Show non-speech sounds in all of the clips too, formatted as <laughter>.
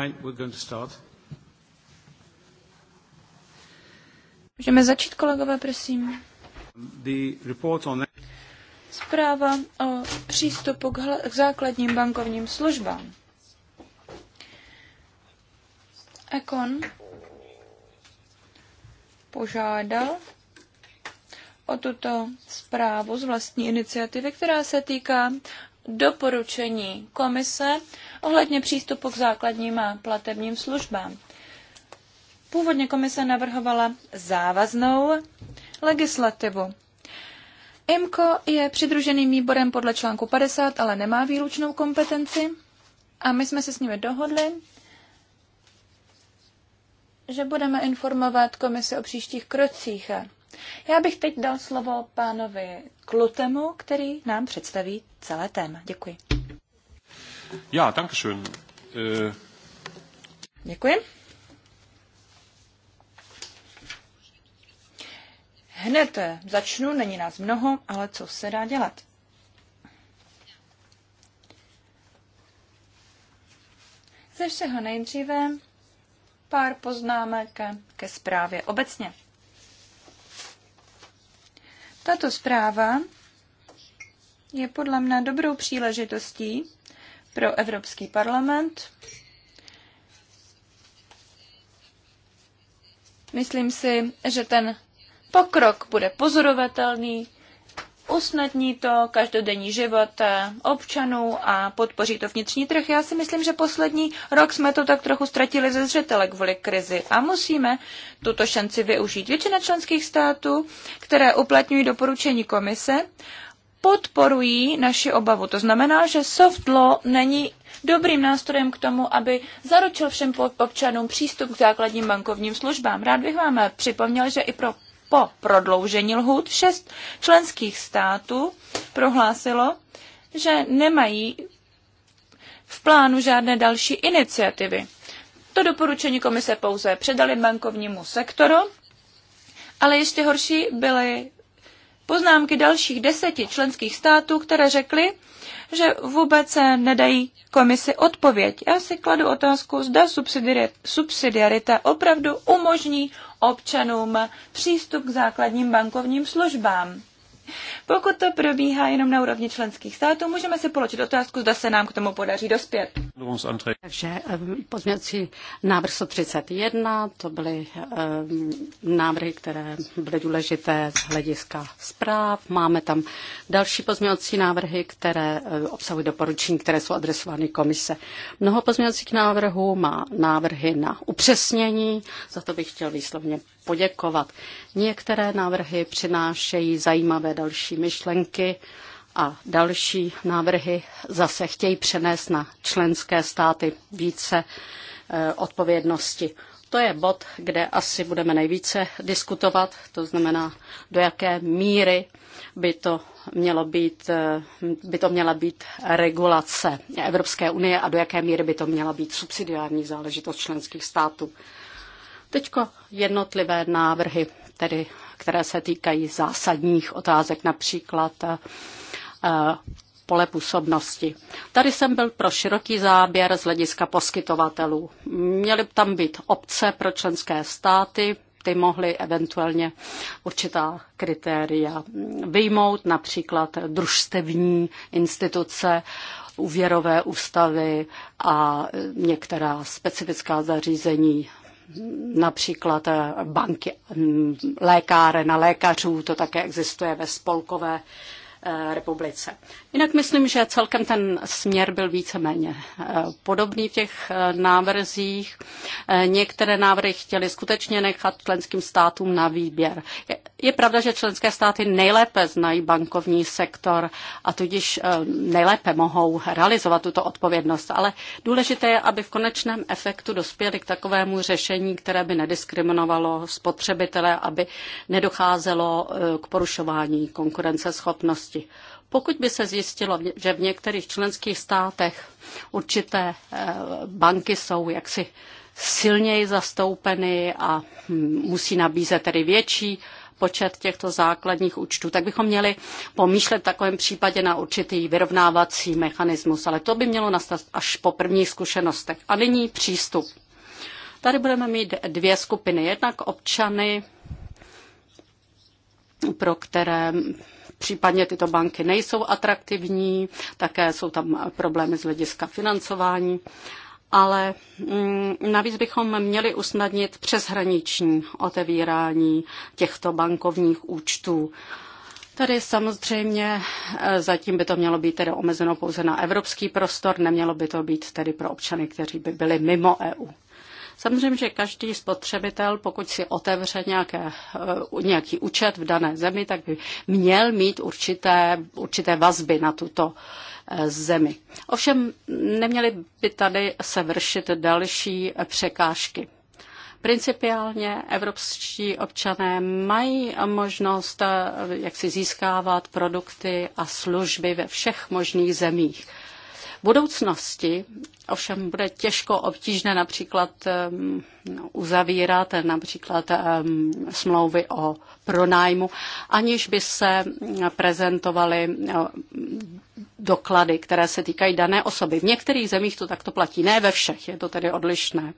Fine, we're going to start. Můžeme začít, kolegové, prosím. The report on... Zpráva o přístupu k, hla... k základním bankovním službám. ECON požádal o tuto zprávu z vlastní iniciativy, která se týká doporučení komise ohledně přístupu k základním a platebním službám. Původně komise navrhovala závaznou legislativu. IMCO je přidruženým výborem podle článku 50, ale nemá výlučnou kompetenci a my jsme se s nimi dohodli, že budeme informovat komisi o příštích krocích já bych teď dal slovo pánovi Klutemu, který nám představí celé téma. Děkuji. Já, danke schön. Eh. Děkuji. Hned začnu, není nás mnoho, ale co se dá dělat? Ze všeho nejdříve pár poznámek ke zprávě obecně. Tato zpráva je podle mne dobrou příležitostí pro Evropský parlament. Myslím si, že ten pokrok bude pozorovatelný, usnadní to každodenní život eh, občanů a podpoří to vnitřní trh. Já si myslím, že poslední rok jsme to tak trochu ztratili ze zřetele kvůli krizi a musíme tuto šanci využít. Většina členských států, které uplatňují doporučení komise, podporují naši obavu. To znamená, že soft law není dobrým nástrojem k tomu, aby zaručil všem občanům přístup k základním bankovním službám. Rád bych vám připomněl, že i pro po prodloužení lhůt šest členských států prohlásilo, že nemají v plánu žádné další iniciativy. To doporučení komise pouze předali bankovnímu sektoru, ale ještě horší byly poznámky dalších deseti členských států, které řekly, že vůbec nedají komisi odpověď. Já si kladu otázku, zda subsidiarita opravdu umožní občanům přístup k základním bankovním službám. Pokud to probíhá jenom na úrovni členských států, můžeme si položit otázku, zda se nám k tomu podaří dospět. Takže ehm, pozměňovací návrh 131, to byly ehm, návrhy, které byly důležité z hlediska zpráv. Máme tam další pozměňovací návrhy, které ehm, obsahují doporučení, které jsou adresovány komise. Mnoho pozměňovacích návrhů má návrhy na upřesnění, za to bych chtěl výslovně poděkovat. Některé návrhy přinášejí zajímavé další myšlenky a další návrhy zase chtějí přenést na členské státy více eh, odpovědnosti. To je bod, kde asi budeme nejvíce diskutovat, to znamená, do jaké míry by to, mělo být, eh, by to měla být regulace Evropské unie a do jaké míry by to měla být subsidiární záležitost členských států. Teď jednotlivé návrhy, tedy, které se týkají zásadních otázek, například eh, pole působnosti. Tady jsem byl pro široký záběr z hlediska poskytovatelů. Měly tam být obce pro členské státy, ty mohly eventuálně určitá kritéria vyjmout, například družstevní instituce, úvěrové ústavy a některá specifická zařízení například eh, banky, mm, lékáren a lékařů, to také existuje ve spolkové eh, republice. Jinak myslím, že celkem ten směr byl víceméně eh, podobný v těch návrzích. Některé návrhy chtěly skutečně nechat členským státům na výběr. Je pravda, že členské státy nejlépe znají bankovní sektor a tudíž eh, nejlépe mohou realizovat tuto odpovědnost, ale důležité je, aby v konečném efektu dospěli k takovému řešení, které by nediskriminovalo spotřebitele, aby nedocházelo eh, k porušování konkurenceschopnosti. Pokud by se zjistilo, že v některých členských státech určité eh, banky jsou jaksi silněji zastoupeny a hm, musí nabízet tedy větší počet těchto základních účtů, tak bychom měli pomýšlet v takovém případě na určitý vyrovnávací mechanismus, ale to by mělo nastat až po prvních zkušenostech. A nyní přístup. Tady budeme mít dvě skupiny. Jednak občany, pro které případně tyto banky nejsou atraktivní, také jsou tam problémy z hlediska financování ale mm, navíc bychom měli usnadnit přeshraniční otevírání těchto bankovních účtů. Tady samozřejmě eh, zatím by to mělo být tedy omezeno pouze na evropský prostor, nemělo by to být tedy pro občany, kteří by byli mimo EU. Samozřejmě, že každý spotřebitel, pokud si otevře nějaké, eh, nějaký účet v dané zemi, tak by měl mít určité, určité vazby na tuto zemi. Ovšem neměly by tady se vršit další překážky. Principiálně evropští občané mají možnost eh, jak si získávat produkty a služby ve všech možných zemích budoucnosti ovšem bude těžko obtížné například uzavírat například smlouvy o pronájmu, aniž by se prezentovaly doklady, které se týkají dané osoby. V některých zemích to takto platí, ne ve všech, je to tedy odlišné.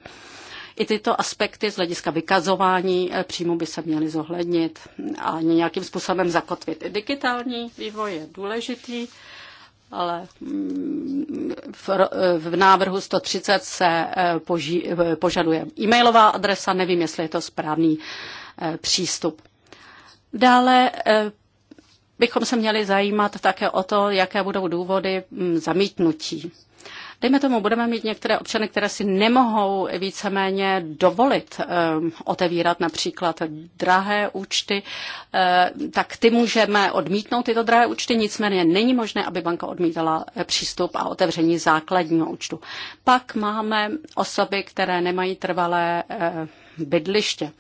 I tyto aspekty z hlediska vykazování eh, příjmu by se měly zohlednit a nějakým způsobem zakotvit. I digitální vývoj je důležitý ale mm, v, v návrhu 130 se e, poži, e, požaduje e-mailová adresa, nevím, jestli je to správný e, přístup. Dále bychom se měli zajímat také o to, jaké budou důvody mm, zamítnutí. Dejme tomu, budeme mít některé občany, které si nemohou víceméně dovolit eh, otevírat například drahé účty, eh, tak ty můžeme odmítnout tyto drahé účty, nicméně není možné, aby banka odmítala eh, přístup a otevření základního účtu. Pak máme osoby, které nemají trvalé bydliště.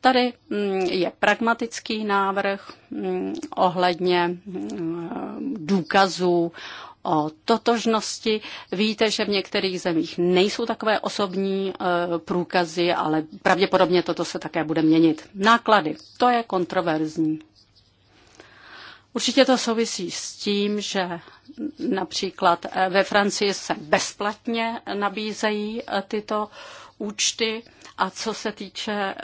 Tady mm, je pragmatický návrh mm, ohledně mm, důkazů o totožnosti. Víte, že v některých zemích nejsou takové osobní e, průkazy, ale pravděpodobně toto se také bude měnit. Náklady, to je kontroverzní. Určitě to souvisí s tím, že například e, ve Francii se bezplatně nabízejí e, tyto účty. A co se týče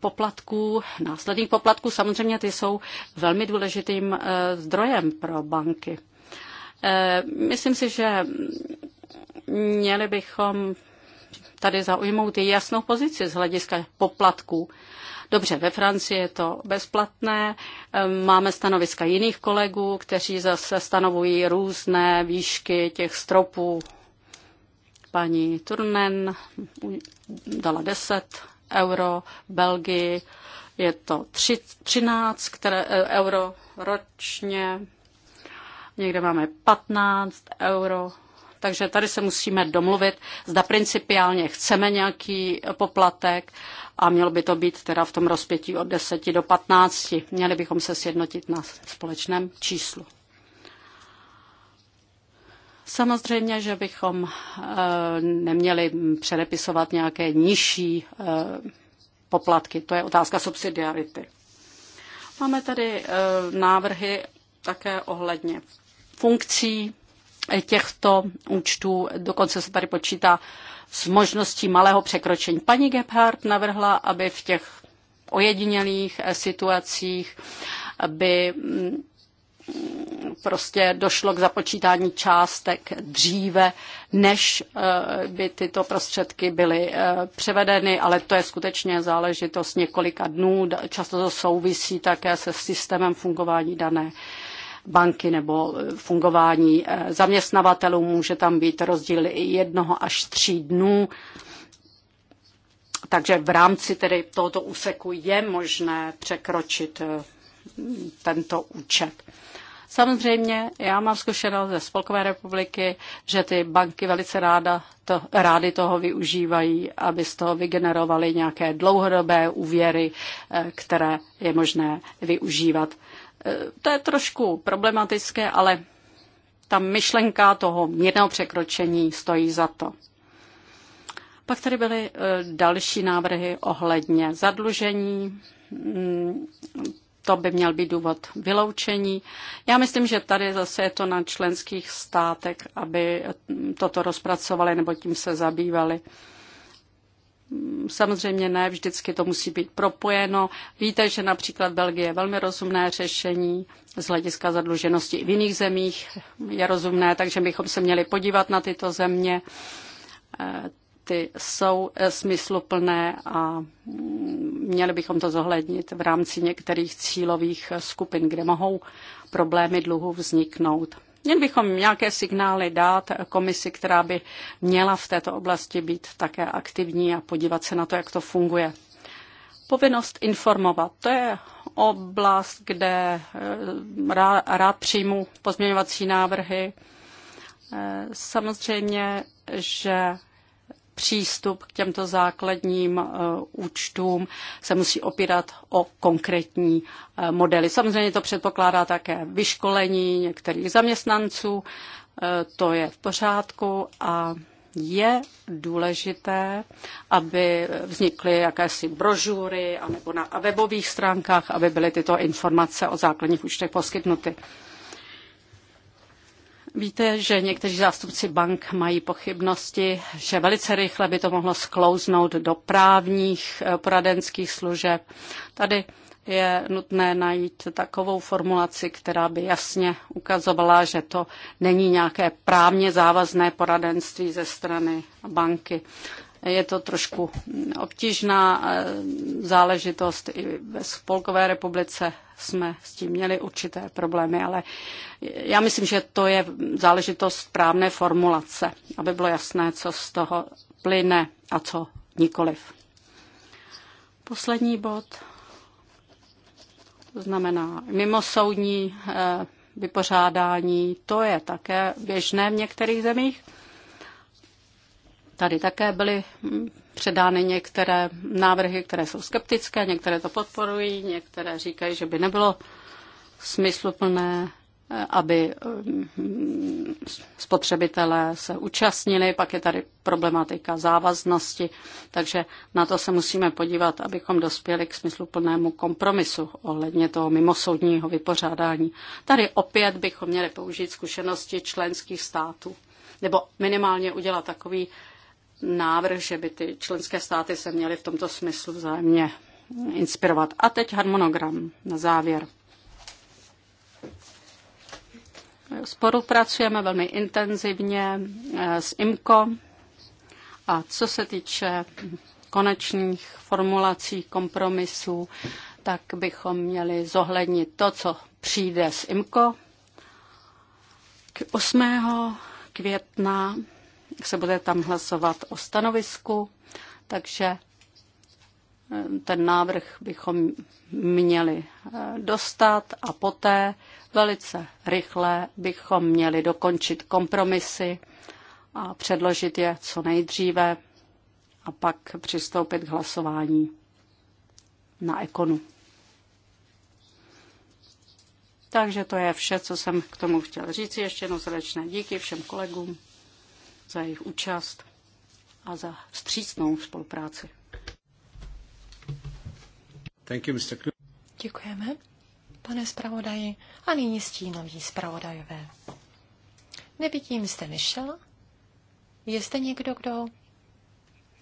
poplatků, následných poplatků, samozřejmě ty jsou velmi důležitým zdrojem pro banky. Eh, myslím si, že měli bychom tady zaujmout jasnou pozici z hlediska poplatků. Dobře, ve Francii je to bezplatné, eh, máme stanoviska jiných kolegů, kteří zase stanovují různé výšky těch stropů. Paní Turnen dala 10 euro, v Belgii je to 13 eh, euro ročně, někde máme 15 euro. Takže tady se musíme domluvit, zda principiálně chceme nějaký poplatek a mělo by to být teda v tom rozpětí od 10 do 15. Měli bychom se sjednotit na společném číslu. Samozřejmě, že bychom eh, neměli předepisovat nějaké nižší eh, poplatky. To je otázka subsidiarity. Máme tady eh, návrhy také ohledně funkcí eh, těchto účtů. Dokonce se tady počítá s možností malého překročení. Paní Gebhardt navrhla, aby v těch ojedinělých eh, situacích by mm, prostě došlo k započítání částek dříve, než eh, by tyto prostředky byly převedeny, ale to je skutečně záležitost několika dnů. Často to souvisí také se systémem fungování dané banky nebo eh, fungování eh, zaměstnavatelů. Může tam být rozdíl jednoho až tří dnů. Takže v rámci tedy tohoto úseku je možné překročit eh, tento účet. Samozřejmě, já mám zkušenost ze Spolkové republiky, že ty banky velice ráda to, rády toho využívají, aby z toho vygenerovaly nějaké dlouhodobé úvěry, které je možné využívat. Eh, to je trošku problematické, ale ta myšlenka toho mírného překročení stojí za to. Pak tady byly eh, další návrhy ohledně zadlužení. Mm, to by měl být důvod vyloučení. Já myslím, že tady zase je to na členských státech, aby toto rozpracovali nebo tím se zabývali. Samozřejmě ne, vždycky to musí být propojeno. Víte, že například Belgie je velmi rozumné řešení z hlediska zadluženosti i v jiných zemích je rozumné, takže bychom se měli podívat na tyto země. E, ty jsou e, smysluplné a mm, měli bychom to zohlednit v rámci některých cílových skupin, kde mohou problémy dluhu vzniknout. Měli bychom nějaké signály dát komisi, která by měla v této oblasti být také aktivní a podívat se na to, jak to funguje. Povinnost informovat, to je oblast, kde eh, rád, rád přijmu pozměňovací návrhy. Eh, samozřejmě, že přístup k těmto základním eh, účtům se musí opírat o konkrétní eh, modely. Samozřejmě to předpokládá také vyškolení některých zaměstnanců, eh, to je v pořádku a je důležité, aby vznikly jakési brožury nebo na webových stránkách, aby byly tyto informace o základních účtech poskytnuty. Víte, že někteří zástupci bank mají pochybnosti, že velice rychle by to mohlo sklouznout do právních eh, poradenských služeb. Tady je nutné najít takovou formulaci, která by jasně ukazovala, že to není nějaké právně závazné poradenství ze strany banky. Je to trošku obtížná eh, záležitost i ve Spolkové republice jsme s tím měli určité problémy, ale já myslím, že to je záležitost správné formulace, aby bylo jasné, co z toho plyne a co nikoliv. Poslední bod, to znamená mimosoudní eh, vypořádání, to je také běžné v některých zemích. Tady také byly hm, předány některé návrhy, které jsou skeptické, některé to podporují, některé říkají, že by nebylo smysluplné, eh, aby mm, spotřebitelé se účastnili. Pak je tady problematika závaznosti, takže na to se musíme podívat, abychom dospěli k smysluplnému kompromisu ohledně toho mimosoudního vypořádání. Tady opět bychom měli použít zkušenosti členských států nebo minimálně udělat takový návrh, že by ty členské státy se měly v tomto smyslu vzájemně inspirovat. A teď harmonogram na závěr. Spolupracujeme velmi intenzivně eh, s IMCO a co se týče konečných formulací kompromisů, tak bychom měli zohlednit to, co přijde z IMCO. K 8. května se bude tam hlasovat o stanovisku, takže eh, ten návrh bychom měli eh, dostat a poté velice rychle bychom měli dokončit kompromisy a předložit je co nejdříve a pak přistoupit k hlasování na ekonu. Takže to je vše, co jsem k tomu chtěl říct. Ještě jednou srdečné díky všem kolegům za jejich účast a za vstřícnou spolupráci. Thank you, Mr. Děkujeme, pane zpravodaji. A nyní stínoví zpravodajové. Nevidím jste nešel? Je zde někdo, kdo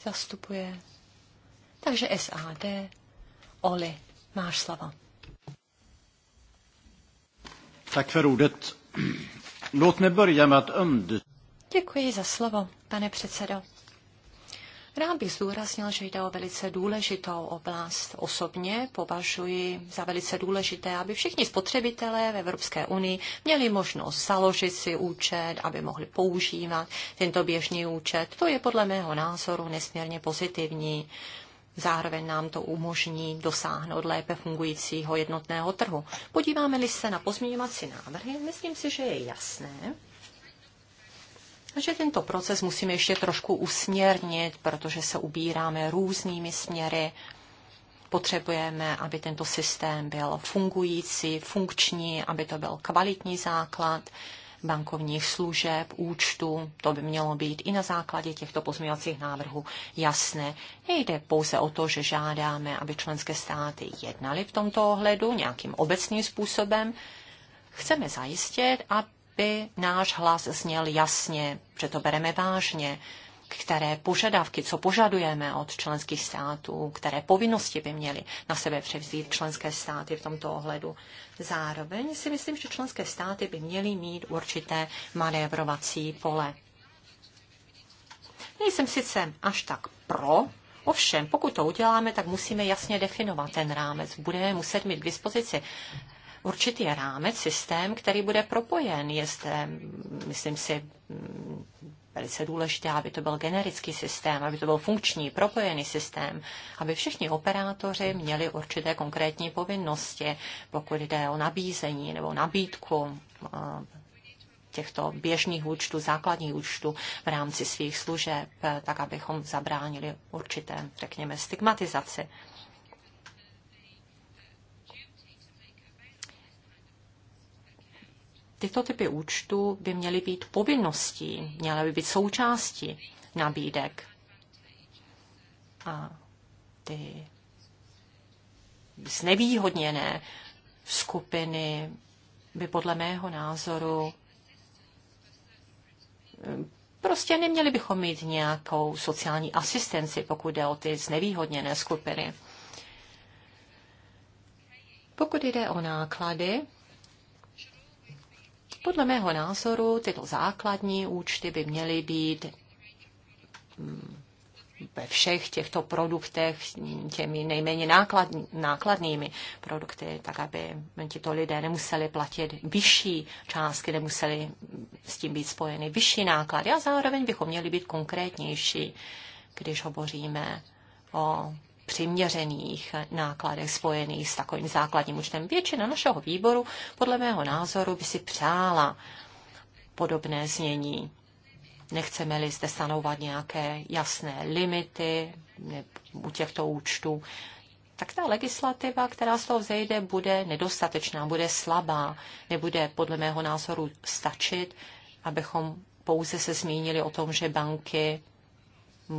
zastupuje? Takže SAD, Oli, máš slovo. Tak för ordet. Låt mig börja med att Děkuji za slovo, pane předsedo. Rád bych zdůraznil, že jde o velice důležitou oblast. Osobně považuji za velice důležité, aby všichni spotřebitelé v Evropské unii měli možnost založit si účet, aby mohli používat tento běžný účet. To je podle mého názoru nesmírně pozitivní. Zároveň nám to umožní dosáhnout lépe fungujícího jednotného trhu. Podíváme-li se na pozměňovací návrhy, myslím si, že je jasné, že tento proces musíme ještě trošku usměrnit, protože se ubíráme různými směry. Potřebujeme, aby tento systém byl fungující, funkční, aby to byl kvalitní základ bankovních služeb, účtu. To by mělo být i na základě těchto pozměňovacích návrhů jasné. Nejde pouze o to, že žádáme, aby členské státy jednaly v tomto ohledu nějakým obecným způsobem. Chceme zajistit, aby by náš hlas zněl jasně, že to bereme vážně, které požadavky, co požadujeme od členských států, které povinnosti by měly na sebe převzít členské státy v tomto ohledu. Zároveň si myslím, že členské státy by měly mít určité manévrovací pole. Nejsem sice až tak pro, ovšem pokud to uděláme, tak musíme jasně definovat ten rámec. Budeme muset mít k dispozici určitý rámec, systém, který bude propojen. Je zde, myslím si, velice důležité, aby to byl generický systém, aby to byl funkční, propojený systém, aby všichni operátoři měli určité konkrétní povinnosti, pokud jde o nabízení nebo nabídku eh, těchto běžných účtů, základních účtů v rámci svých služeb, eh, tak abychom zabránili určité, řekněme, stigmatizaci. tyto typy účtů by měly být povinností, měly by být součástí nabídek. A ty znevýhodněné skupiny by podle mého názoru eh, prostě neměli bychom mít nějakou sociální asistenci, pokud jde o ty znevýhodněné skupiny. Pokud jde o náklady, podle mého názoru tyto základní účty by měly být mm, ve všech těchto produktech těmi nejméně nákladní, nákladnými produkty, tak aby tito lidé nemuseli platit vyšší částky, nemuseli s tím být spojeny vyšší náklady a zároveň bychom měli být konkrétnější, když hovoříme o přiměřených nákladech spojených s takovým základním účtem. Většina našeho výboru, podle mého názoru, by si přála podobné znění. Nechceme-li zde stanovat nějaké jasné limity u těchto účtů, tak ta legislativa, která z toho vzejde, bude nedostatečná, bude slabá, nebude podle mého názoru stačit, abychom pouze se zmínili o tom, že banky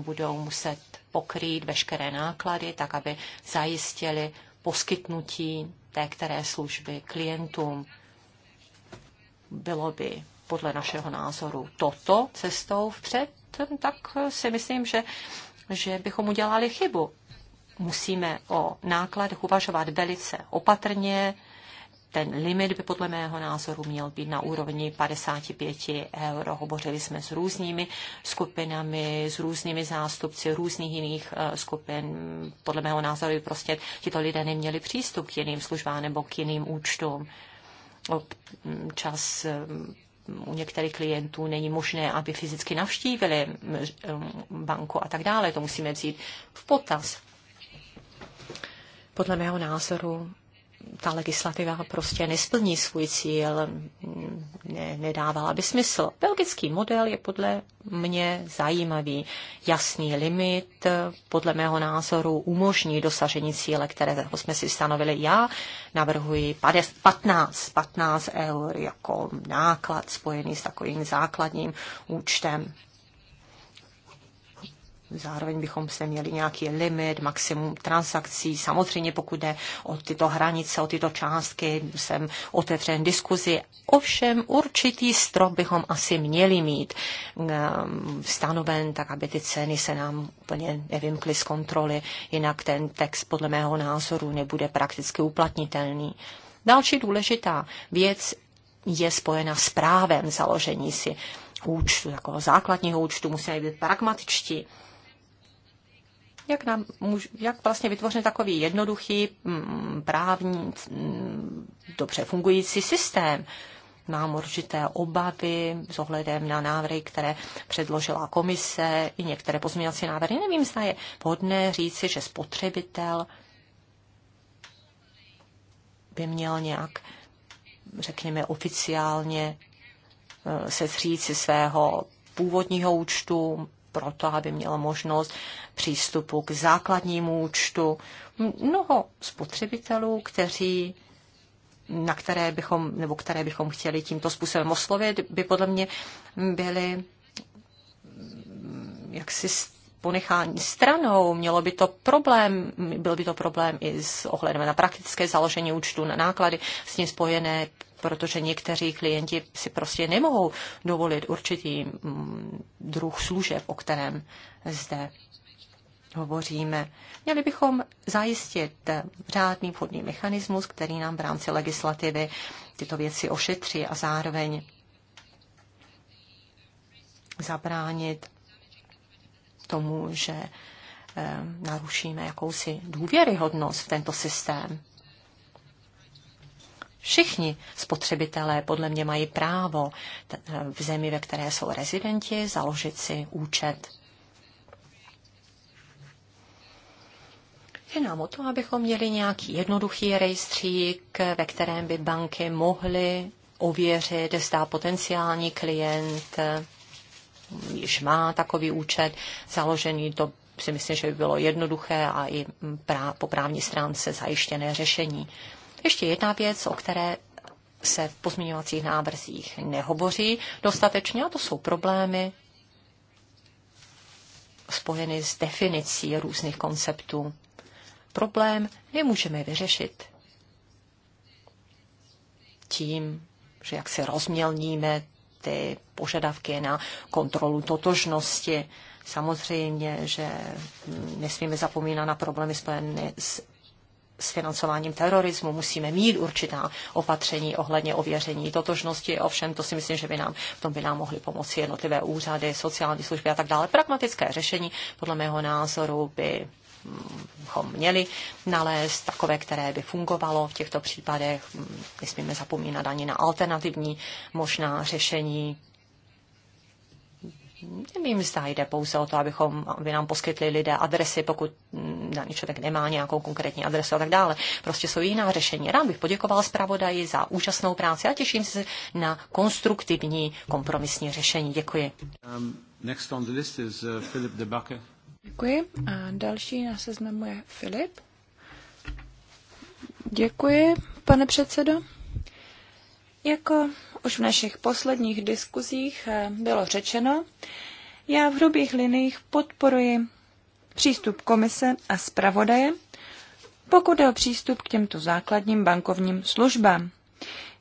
budou muset pokrýt veškeré náklady, tak aby zajistili poskytnutí té které služby klientům. Bylo by podle našeho názoru toto cestou vpřed, tak si myslím, že, že bychom udělali chybu. Musíme o nákladech uvažovat velice opatrně, ten limit by podle mého názoru měl být na úrovni 55 euro. Hovořili jsme s různými skupinami, s různými zástupci různých jiných eh, skupin. Podle mého názoru by prostě tito lidé neměli přístup k jiným službám nebo k jiným účtům. Mm, čas mm, u některých klientů není možné, aby fyzicky navštívili mm, banku a tak dále. To musíme vzít v potaz. Podle mého názoru ta legislativa prostě nesplní svůj cíl, ne, nedávala by smysl. Belgický model je podle mě zajímavý. Jasný limit podle mého názoru umožní dosažení cíle, které jsme si stanovili. Já navrhuji 15, 15 eur jako náklad spojený s takovým základním účtem Zároveň bychom se měli nějaký limit, maximum transakcí. Samozřejmě pokud jde o tyto hranice, o tyto částky, jsem otevřen diskuzi. Ovšem určitý strop bychom asi měli mít ehm, stanoven, tak aby ty ceny se nám úplně nevymkly z kontroly. Jinak ten text podle mého názoru nebude prakticky uplatnitelný. Další důležitá věc je spojena s právem založení si účtu, jako základního účtu, musíme být pragmatičtí. Jak, nám, jak vlastně vytvořit takový jednoduchý mm, právní, mm, dobře fungující systém? Mám určité obavy s ohledem na návrhy, které předložila komise i některé pozměňovací návrhy. Nevím, zda je vhodné říci, že spotřebitel by měl nějak, řekněme, oficiálně eh, se zříci svého původního účtu, proto, aby měla možnost přístupu k základnímu účtu. Mnoho spotřebitelů, kteří na které bychom, nebo které bychom chtěli tímto způsobem oslovit, by podle mě byly mm, jaksi ponechání stranou, mělo by to problém, byl by to problém i s ohledem na praktické založení účtu, na náklady s tím spojené, protože někteří klienti si prostě nemohou dovolit určitý mm, druh služeb, o kterém zde hovoříme. Měli bychom zajistit řádný vhodný mechanismus, který nám v rámci legislativy tyto věci ošetří a zároveň zabránit tomu, že eh, narušíme jakousi důvěryhodnost v tento systém. Všichni spotřebitelé podle mě mají právo v zemi, ve které jsou rezidenti, založit si účet. Je nám o to, abychom měli nějaký jednoduchý rejstřík, ve kterém by banky mohly ověřit, zda potenciální klient již má takový účet založený, to si myslím, že by bylo jednoduché a i po právní stránce zajištěné řešení. Ještě jedna věc, o které se v pozměňovacích návrzích nehovoří dostatečně, a to jsou problémy spojeny s definicí různých konceptů. Problém nemůžeme vyřešit tím, že jak se rozmělníme ty požadavky na kontrolu totožnosti. Samozřejmě, že nesmíme zapomínat na problémy spojené s s financováním terorismu musíme mít určitá opatření ohledně ověření totožnosti. Ovšem, to si myslím, že by nám v tom by nám mohly pomoci jednotlivé úřady, sociální služby a tak dále. Pragmatické řešení podle mého názoru by bychom mm, měli nalézt, takové, které by fungovalo v těchto případech. Mm, Nesmíme zapomínat ani na alternativní možná řešení, Nevím, zda jde pouze o to, abychom, aby nám poskytli lidé adresy, pokud daný člověk nemá nějakou konkrétní adresu a tak dále. Prostě jsou jiná řešení. Rád bych poděkoval zpravodaji za úžasnou práci a těším se na konstruktivní kompromisní řešení. Děkuji. Um, uh, Děkuji. A další na seznamu je Filip. Děkuji, pane předsedo. Jako už v našich posledních diskuzích eh, bylo řečeno, já v hrubých liniích podporuji přístup komise a zpravodaje, pokud je o přístup k těmto základním bankovním službám.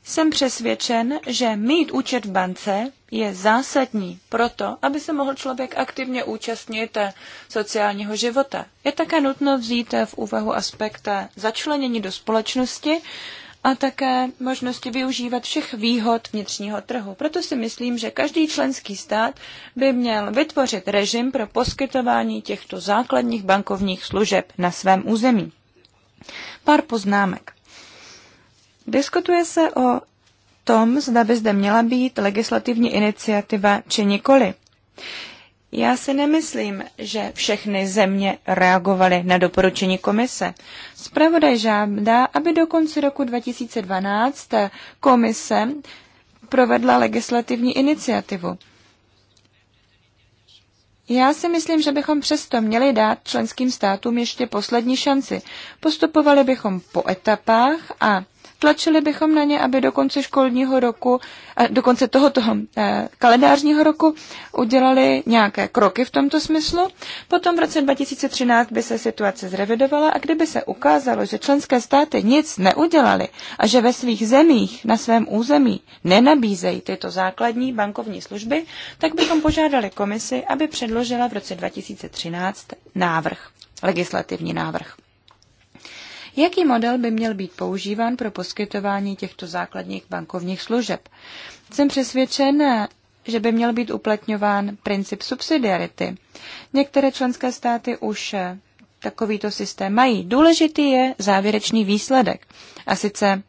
Jsem přesvědčen, že mít účet v bance je zásadní proto, aby se mohl člověk aktivně účastnit eh, sociálního života. Je také nutno vzít eh, v úvahu aspekt začlenění do společnosti, a také možnosti využívat všech výhod vnitřního trhu. Proto si myslím, že každý členský stát by měl vytvořit režim pro poskytování těchto základních bankovních služeb na svém území. Pár poznámek. Diskutuje se o tom, zda by zde měla být legislativní iniciativa či nikoli. Já si nemyslím, že všechny země reagovaly na doporučení komise. Spravodaj žádá, aby do konce roku 2012 komise provedla legislativní iniciativu. Já si myslím, že bychom přesto měli dát členským státům ještě poslední šanci. Postupovali bychom po etapách a Tlačili bychom na ně, aby do konce školního roku, eh, do konce tohoto eh, kalendářního roku udělali nějaké kroky v tomto smyslu. Potom v roce 2013 by se situace zrevidovala a kdyby se ukázalo, že členské státy nic neudělali a že ve svých zemích, na svém území nenabízejí tyto základní bankovní služby, tak bychom požádali komisi, aby předložila v roce 2013 návrh, legislativní návrh. Jaký model by měl být používán pro poskytování těchto základních bankovních služeb? Jsem přesvědčen, že by měl být uplatňován princip subsidiarity. Některé členské státy už takovýto systém mají. Důležitý je závěrečný výsledek, a sice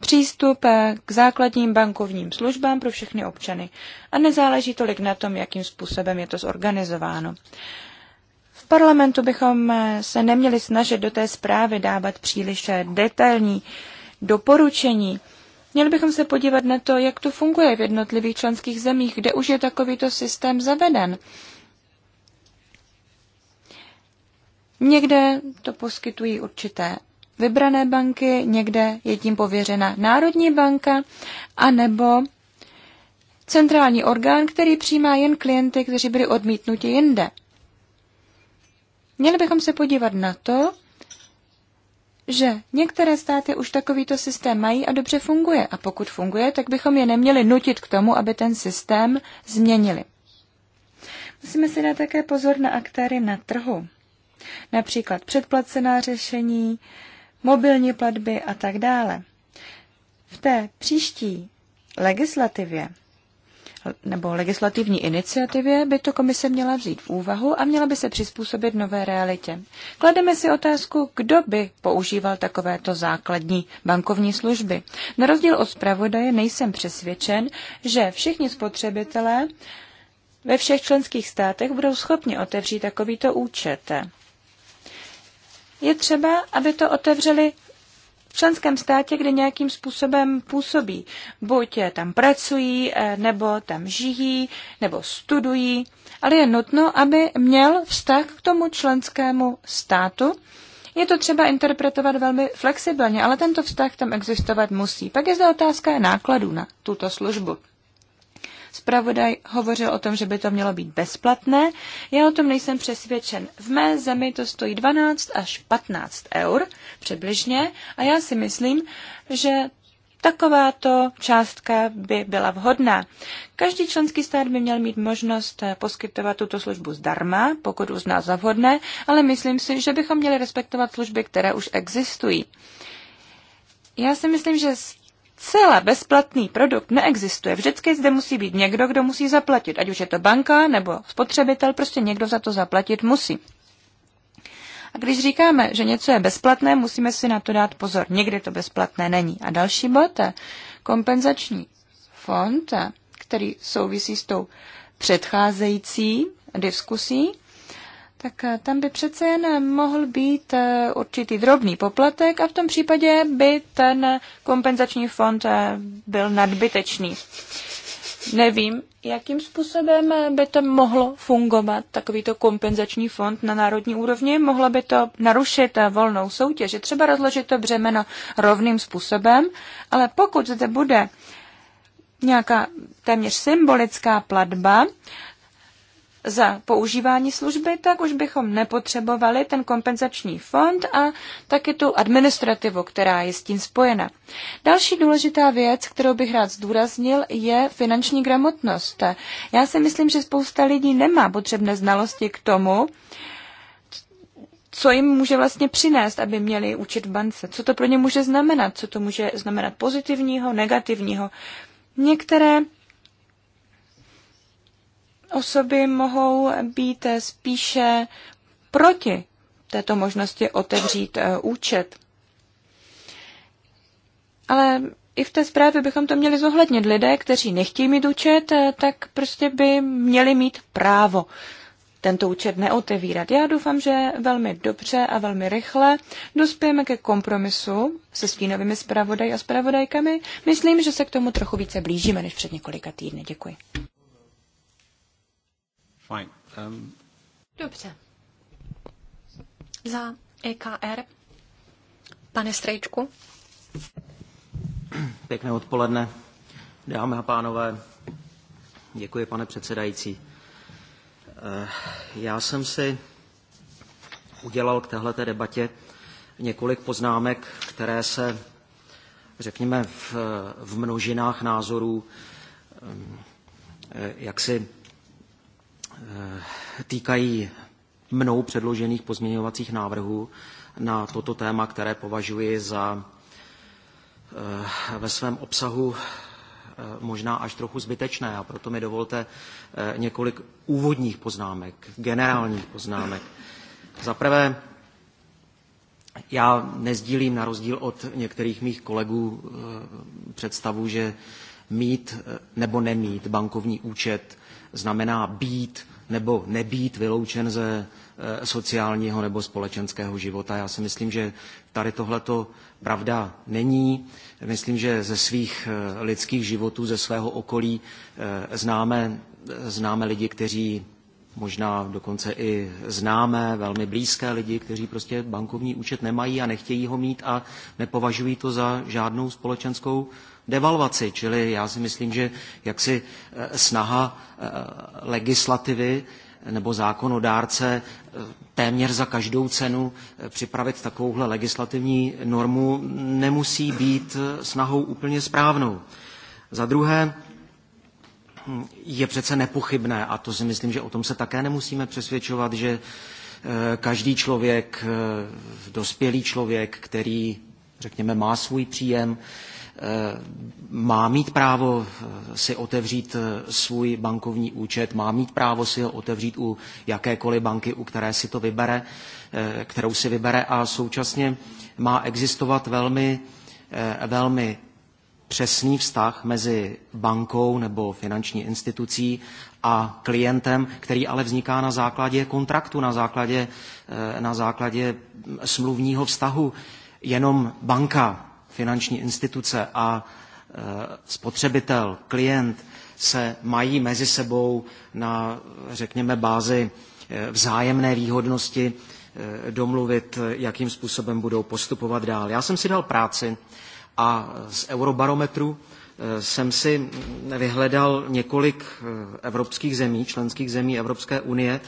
přístup k základním bankovním službám pro všechny občany. A nezáleží tolik na tom, jakým způsobem je to zorganizováno parlamentu bychom eh, se neměli snažit do té zprávy dávat příliš eh, detailní doporučení. Měli bychom se podívat na to, jak to funguje v jednotlivých členských zemích, kde už je takovýto systém zaveden. Někde to poskytují určité vybrané banky, někde je tím pověřena Národní banka, anebo centrální orgán, který přijímá jen klienty, kteří byli odmítnuti jinde. Měli bychom se podívat na to, že některé státy už takovýto systém mají a dobře funguje. A pokud funguje, tak bychom je neměli nutit k tomu, aby ten systém změnili. Musíme si dát také pozor na aktéry na trhu. Například předplacená řešení, mobilní platby a tak dále. V té příští legislativě nebo legislativní iniciativě by to komise měla vzít v úvahu a měla by se přizpůsobit nové realitě. Klademe si otázku, kdo by používal takovéto základní bankovní služby. Na rozdíl od zpravodaje nejsem přesvědčen, že všichni spotřebitelé ve všech členských státech budou schopni otevřít takovýto účet. Je třeba, aby to otevřeli v členském státě, kde nějakým způsobem působí. Buď tam pracují, eh, nebo tam žijí, nebo studují, ale je nutno, aby měl vztah k tomu členskému státu. Je to třeba interpretovat velmi flexibilně, ale tento vztah tam existovat musí. Pak je zde otázka nákladů na tuto službu. Spravodaj hovořil o tom, že by to mělo být bezplatné. Já o tom nejsem přesvědčen. V mé zemi to stojí 12 až 15 eur přibližně a já si myslím, že Takováto částka by byla vhodná. Každý členský stát by měl mít možnost eh, poskytovat tuto službu zdarma, pokud uzná za vhodné, ale myslím si, že bychom měli respektovat služby, které už existují. Já si myslím, že z zcela bezplatný produkt neexistuje. Vždycky zde musí být někdo, kdo musí zaplatit. Ať už je to banka nebo spotřebitel, prostě někdo za to zaplatit musí. A když říkáme, že něco je bezplatné, musíme si na to dát pozor. Někdy to bezplatné není. A další bod, eh, kompenzační fond, eh, který souvisí s tou předcházející diskusí, tak eh, tam by přece jen mohl být eh, určitý drobný poplatek a v tom případě by ten kompenzační fond eh, byl nadbytečný. Nevím, jakým způsobem by to mohlo fungovat, takovýto kompenzační fond na národní úrovni. Mohlo by to narušit volnou soutěž, třeba rozložit to břemeno rovným způsobem, ale pokud zde bude nějaká téměř symbolická platba, za používání služby, tak už bychom nepotřebovali ten kompenzační fond a taky tu administrativu, která je s tím spojena. Další důležitá věc, kterou bych rád zdůraznil, je finanční gramotnost. Já si myslím, že spousta lidí nemá potřebné znalosti k tomu, co jim může vlastně přinést, aby měli účet v bance, co to pro ně může znamenat, co to může znamenat pozitivního, negativního. Některé osoby mohou být spíše proti této možnosti otevřít eh, účet. Ale i v té zprávě bychom to měli zohlednit. Lidé, kteří nechtějí mít účet, eh, tak prostě by měli mít právo tento účet neotevírat. Já doufám, že velmi dobře a velmi rychle dospějeme ke kompromisu se stínovými zpravodaj a zpravodajkami. Myslím, že se k tomu trochu více blížíme než před několika týdny. Děkuji. Fajn. Um... Dobře. Za EKR, pane Strejčku. Pěkné odpoledne, dámy a pánové. Děkuji, pane předsedající. Eh, já jsem si udělal k téhleté debatě několik poznámek, které se, řekněme, v, v množinách názorů eh, jaksi Eh, týkají mnou předložených pozměňovacích návrhů na toto téma, které považuji za eh, ve svém obsahu eh, možná až trochu zbytečné a proto mi dovolte několik úvodních poznámek, generálních poznámek. Za prvé, já nezdílím na rozdíl od některých mých kolegů představu, že mít nebo nemít bankovní účet znamená být nebo nebýt vyloučen ze eh, sociálního nebo společenského života. Já si myslím, že tady tohleto pravda není. Myslím, že ze svých eh, lidských životů, ze svého okolí eh, známe, známe lidi, kteří možná dokonce i známé, velmi blízké lidi, kteří prostě bankovní účet nemají a nechtějí ho mít a nepovažují to za žádnou společenskou devalvaci. Čili já si myslím, že jaksi eh, snaha eh, legislativy nebo zákonodárce eh, téměř za každou cenu připravit takovouhle legislativní normu nemusí být snahou úplně správnou. Za druhé, je přece nepochybné, a to si myslím, že o tom se také nemusíme přesvědčovat, že eh, každý člověk, eh, dospělý člověk, který, řekněme, má svůj příjem, eh, má mít právo si otevřít svůj bankovní účet, má mít právo si ho otevřít u jakékoliv banky, u které si to vybere, kterou si vybere a současně má existovat velmi, velmi přesný vztah mezi bankou nebo finanční institucí a klientem, který ale vzniká na základě kontraktu, na základě, eh, na základě smluvního vztahu. Jenom banka, finanční instituce a eh, spotřebitel, klient se mají mezi sebou na, řekněme, bázi eh, vzájemné výhodnosti domluvit, jakým způsobem budou postupovat dál. Já jsem si dal práci a z Eurobarometru eh, jsem si vyhledal několik eh, evropských zemí, členských zemí Evropské unie,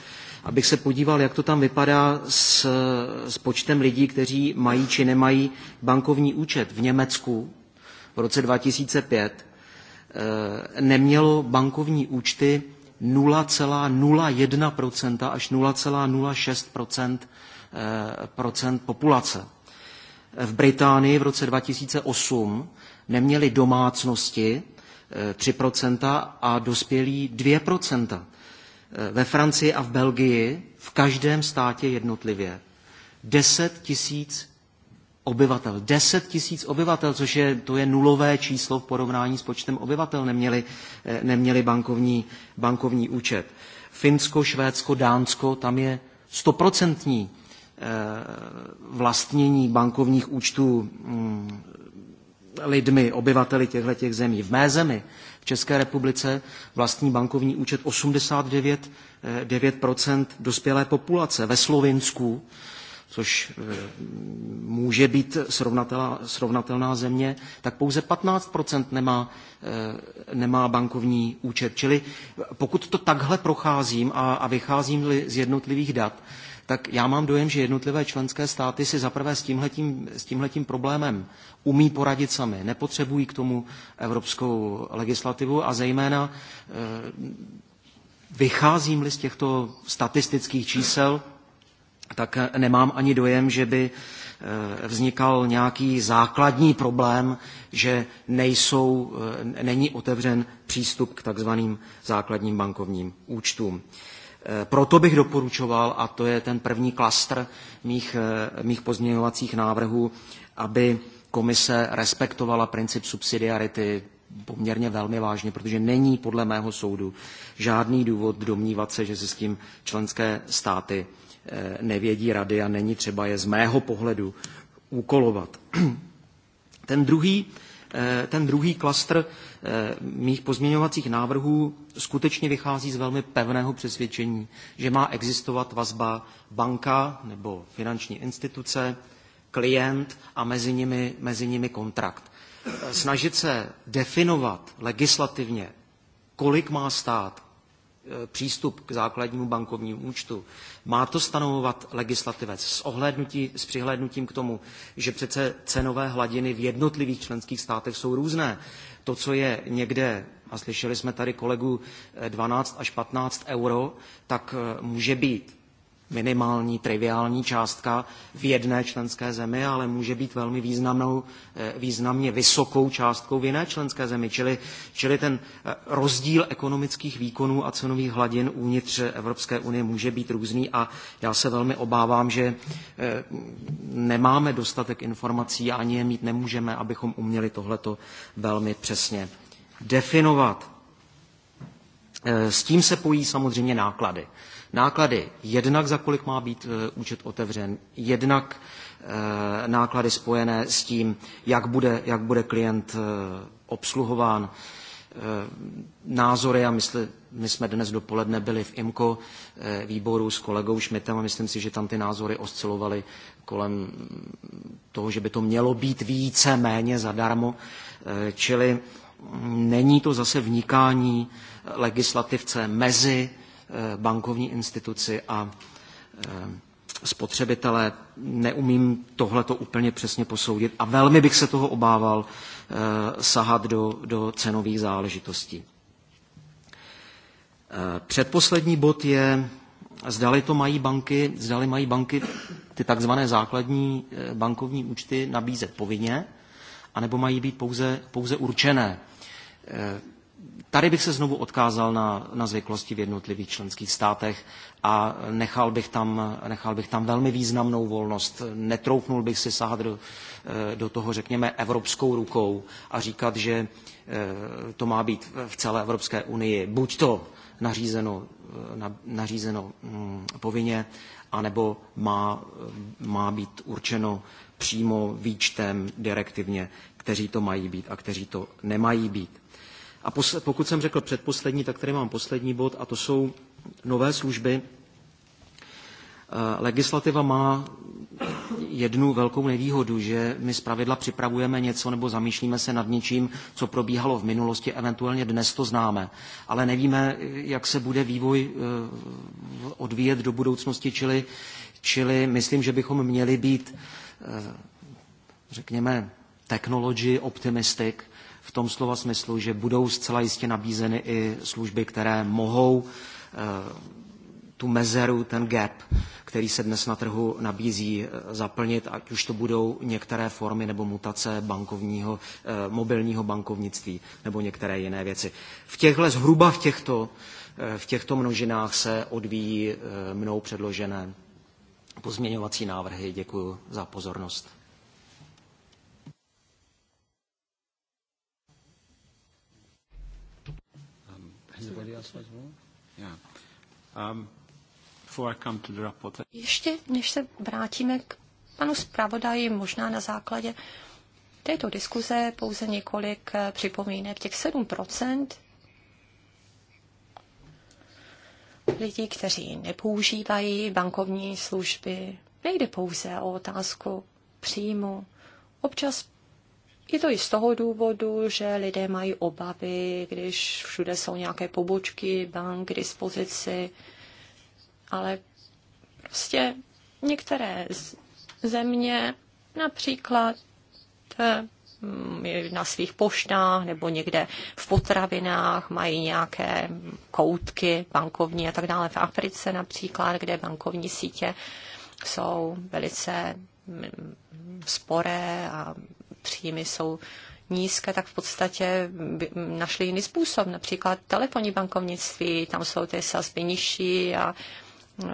abych se podíval, jak to tam vypadá s, s počtem lidí, kteří mají či nemají bankovní účet. V Německu v roce 2005 eh, nemělo bankovní účty 0,01% až 0,06% populace. V Británii v roce 2008 neměli domácnosti 3% eh, a dospělí 2%. Eh, ve Francii a v Belgii v každém státě jednotlivě 10 tisíc obyvatel. 10 tisíc obyvatel, což je, to je nulové číslo v porovnání s počtem obyvatel, neměli, eh, neměli bankovní, bankovní účet. Finsko, Švédsko, Dánsko, tam je stoprocentní Eh, vlastnění bankovních účtů mm, lidmi, obyvateli těchto těch zemí. V mé zemi, v České republice, vlastní bankovní účet 89 9 eh, dospělé populace. Ve Slovinsku, což eh, může být srovnatelná, srovnatelná země, tak pouze 15 nemá, nemá bankovní účet. Čili pokud to takhle procházím a, a vycházím z jednotlivých dat, tak já mám dojem, že jednotlivé členské státy si zaprvé s tímhletím, s tímhletím problémem umí poradit sami, nepotřebují k tomu evropskou legislativu a zejména eh, vycházím-li z těchto statistických čísel, tak eh, nemám ani dojem, že by eh, vznikal nějaký základní problém, že nejsou, není otevřen přístup k takzvaným základním bankovním účtům. Eh, proto bych doporučoval, a to je ten první klastr mých, eh, mých pozměňovacích návrhů, aby komise respektovala princip subsidiarity poměrně velmi vážně, protože není podle mého soudu žádný důvod domnívat se, že se s tím členské státy eh, nevědí rady a není třeba je z mého pohledu úkolovat. <clears throat> Ten druhý Eh, ten druhý klastr eh, mých pozměňovacích návrhů skutečně vychází z velmi pevného přesvědčení, že má existovat vazba banka nebo finanční instituce, klient a mezi nimi, mezi nimi kontrakt. Eh, snažit se definovat legislativně, kolik má stát, Eh, přístup k základnímu bankovnímu účtu. Má to stanovovat legislativec s, ohlednutí, s přihlédnutím k tomu, že přece cenové hladiny v jednotlivých členských státech jsou různé. To, co je někde, a slyšeli jsme tady kolegu 12 eh, až 15 euro, tak eh, může být minimální, triviální částka v jedné členské zemi, ale může být velmi významnou, eh, významně vysokou částkou v jiné členské zemi. Čili, čili ten eh, rozdíl ekonomických výkonů a cenových hladin uvnitř Evropské unie může být různý a já se velmi obávám, že eh, nemáme dostatek informací a ani je mít nemůžeme, abychom uměli tohleto velmi přesně definovat. S tím se pojí samozřejmě náklady. Náklady jednak, za kolik má být e, účet otevřen, jednak e, náklady spojené s tím, jak bude, jak bude klient e, obsluhován. Názory, a mysli, my jsme dnes dopoledne byli v IMCO výboru s kolegou Šmitem a myslím si, že tam ty názory oscilovaly kolem toho, že by to mělo být více méně zadarmo, čili mm, není to zase vnikání legislativce mezi Eh, bankovní instituci a eh, spotřebitele. Neumím tohleto úplně přesně posoudit a velmi bych se toho obával eh, sahat do, do cenových záležitostí. Předposlední bod je, zdali to mají banky, zdali mají banky ty takzvané základní bankovní účty nabízet povinně, anebo mají být pouze, pouze určené. Tady bych se znovu odkázal na, na zvyklosti v jednotlivých členských státech a nechal bych, tam, nechal bych tam velmi významnou volnost. Netroufnul bych si sahat do, eh, do toho, řekněme, evropskou rukou a říkat, že eh, to má být v celé Evropské unii buď to nařízeno, eh, na, nařízeno hm, povinně, anebo má, má být určeno přímo výčtem direktivně, kteří to mají být a kteří to nemají být. A pokud jsem řekl předposlední, tak tady mám poslední bod a to jsou nové služby. Eh, legislativa má jednu velkou nevýhodu, že my zpravidla připravujeme něco nebo zamýšlíme se nad něčím, co probíhalo v minulosti, eventuálně dnes to známe, ale nevíme, jak se bude vývoj eh, odvíjet do budoucnosti, čili, čili myslím, že bychom měli být, eh, řekněme, technology optimistic, v tom slova smyslu, že budou zcela jistě nabízeny i služby, které mohou eh, tu mezeru, ten gap, který se dnes na trhu nabízí eh, zaplnit, ať už to budou některé formy nebo mutace bankovního, eh, mobilního bankovnictví nebo některé jiné věci. V těchto, zhruba v těchto, v těchto množinách se odvíjí mnou předložené pozměňovací návrhy. Děkuji za pozornost. Anybody else Yeah. Um, before I come to the report. Ještě než se vrátíme k panu zpravodaji, možná na základě této diskuze pouze několik eh, připomínek. Těch 7 lidí, kteří nepoužívají bankovní služby. Nejde pouze o otázku příjmu. Občas je to i z toho důvodu, že lidé mají obavy, když všude jsou nějaké pobočky, bank k dispozici, ale prostě některé země například eh, mm, na svých poštách nebo někde v potravinách mají nějaké koutky bankovní a tak dále. V Africe například, kde bankovní sítě jsou velice mm, sporé a příjmy jsou nízké, tak v podstatě našli jiný způsob. Například telefonní bankovnictví, tam jsou ty sazby nižší a e,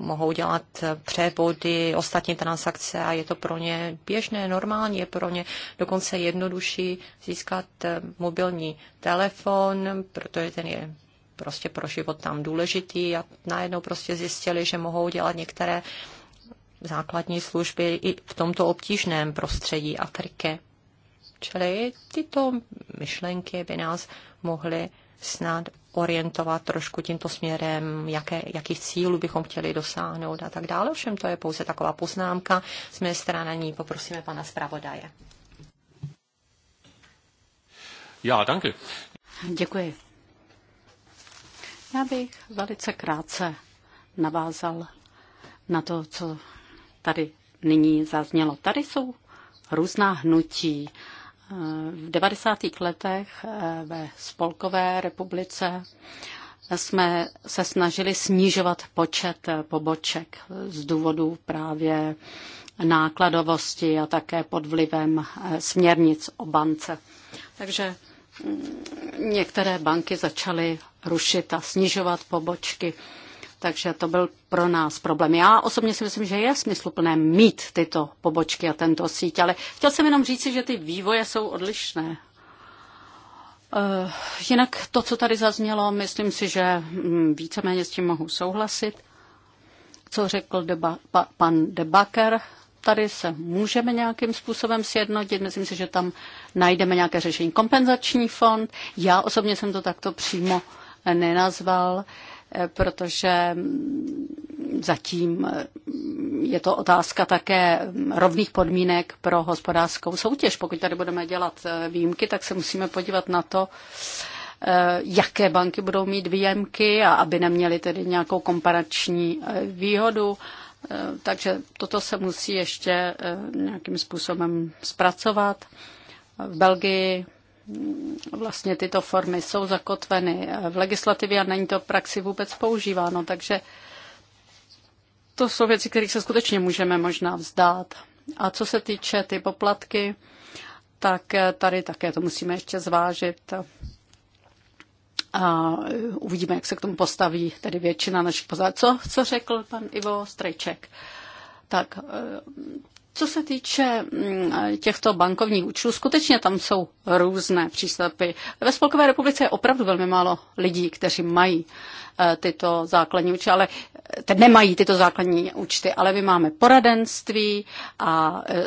mohou dělat převody, ostatní transakce a je to pro ně běžné, normální, je pro ně dokonce jednodušší získat e, mobilní telefon, protože ten je prostě pro život tam důležitý a najednou prostě zjistili, že mohou dělat některé základní služby i v tomto obtížném prostředí Afriky. Čili tyto myšlenky by nás mohly snad orientovat trošku tímto směrem, jaké, jakých cílů bychom chtěli dosáhnout a tak dále. Ovšem to je pouze taková poznámka z mé strany, ní poprosíme pana zpravodaje. Já, danke. Děkuji. Já bych velice krátce navázal na to, co tady nyní zaznělo. Tady jsou různá hnutí. V 90. letech eh, ve Spolkové republice jsme se snažili snižovat počet poboček z důvodu právě nákladovosti a také pod vlivem eh, směrnic o bance. Takže mm, některé banky začaly rušit a snižovat pobočky. Takže to byl pro nás problém. Já osobně si myslím, že je smysluplné mít tyto pobočky a tento síť, ale chtěl jsem jenom říci, že ty vývoje jsou odlišné. Uh, jinak to, co tady zaznělo, myslím si, že hm, víceméně s tím mohu souhlasit. Co řekl deba, pa, pan Debaker, tady se můžeme nějakým způsobem sjednotit. Myslím si, že tam najdeme nějaké řešení. Kompenzační fond, já osobně jsem to takto přímo nenazval. Uh, Eh, protože mm, zatím eh, je to otázka také mm, rovných podmínek pro hospodářskou soutěž. Pokud tady budeme dělat eh, výjimky, tak se musíme podívat na to, jaké banky budou mít výjemky a aby neměly tedy nějakou komparační výhodu. Takže toto se musí ještě nějakým způsobem zpracovat. V Belgii vlastně tyto formy jsou zakotveny v legislativě a není to v praxi vůbec používáno, takže to jsou věci, kterých se skutečně můžeme možná vzdát. A co se týče ty poplatky, tak tady také to musíme ještě zvážit. A uvidíme, jak se k tomu postaví tedy většina našich pozorů. Co, co řekl pan Ivo Strejček? Tak co se týče mm, těchto bankovních účtů, skutečně tam jsou různé přístupy. Ve Spolkové republice je opravdu velmi málo lidí, kteří mají eh, tyto základní účty, ale eh, te nemají tyto základní účty, ale my máme poradenství a eh,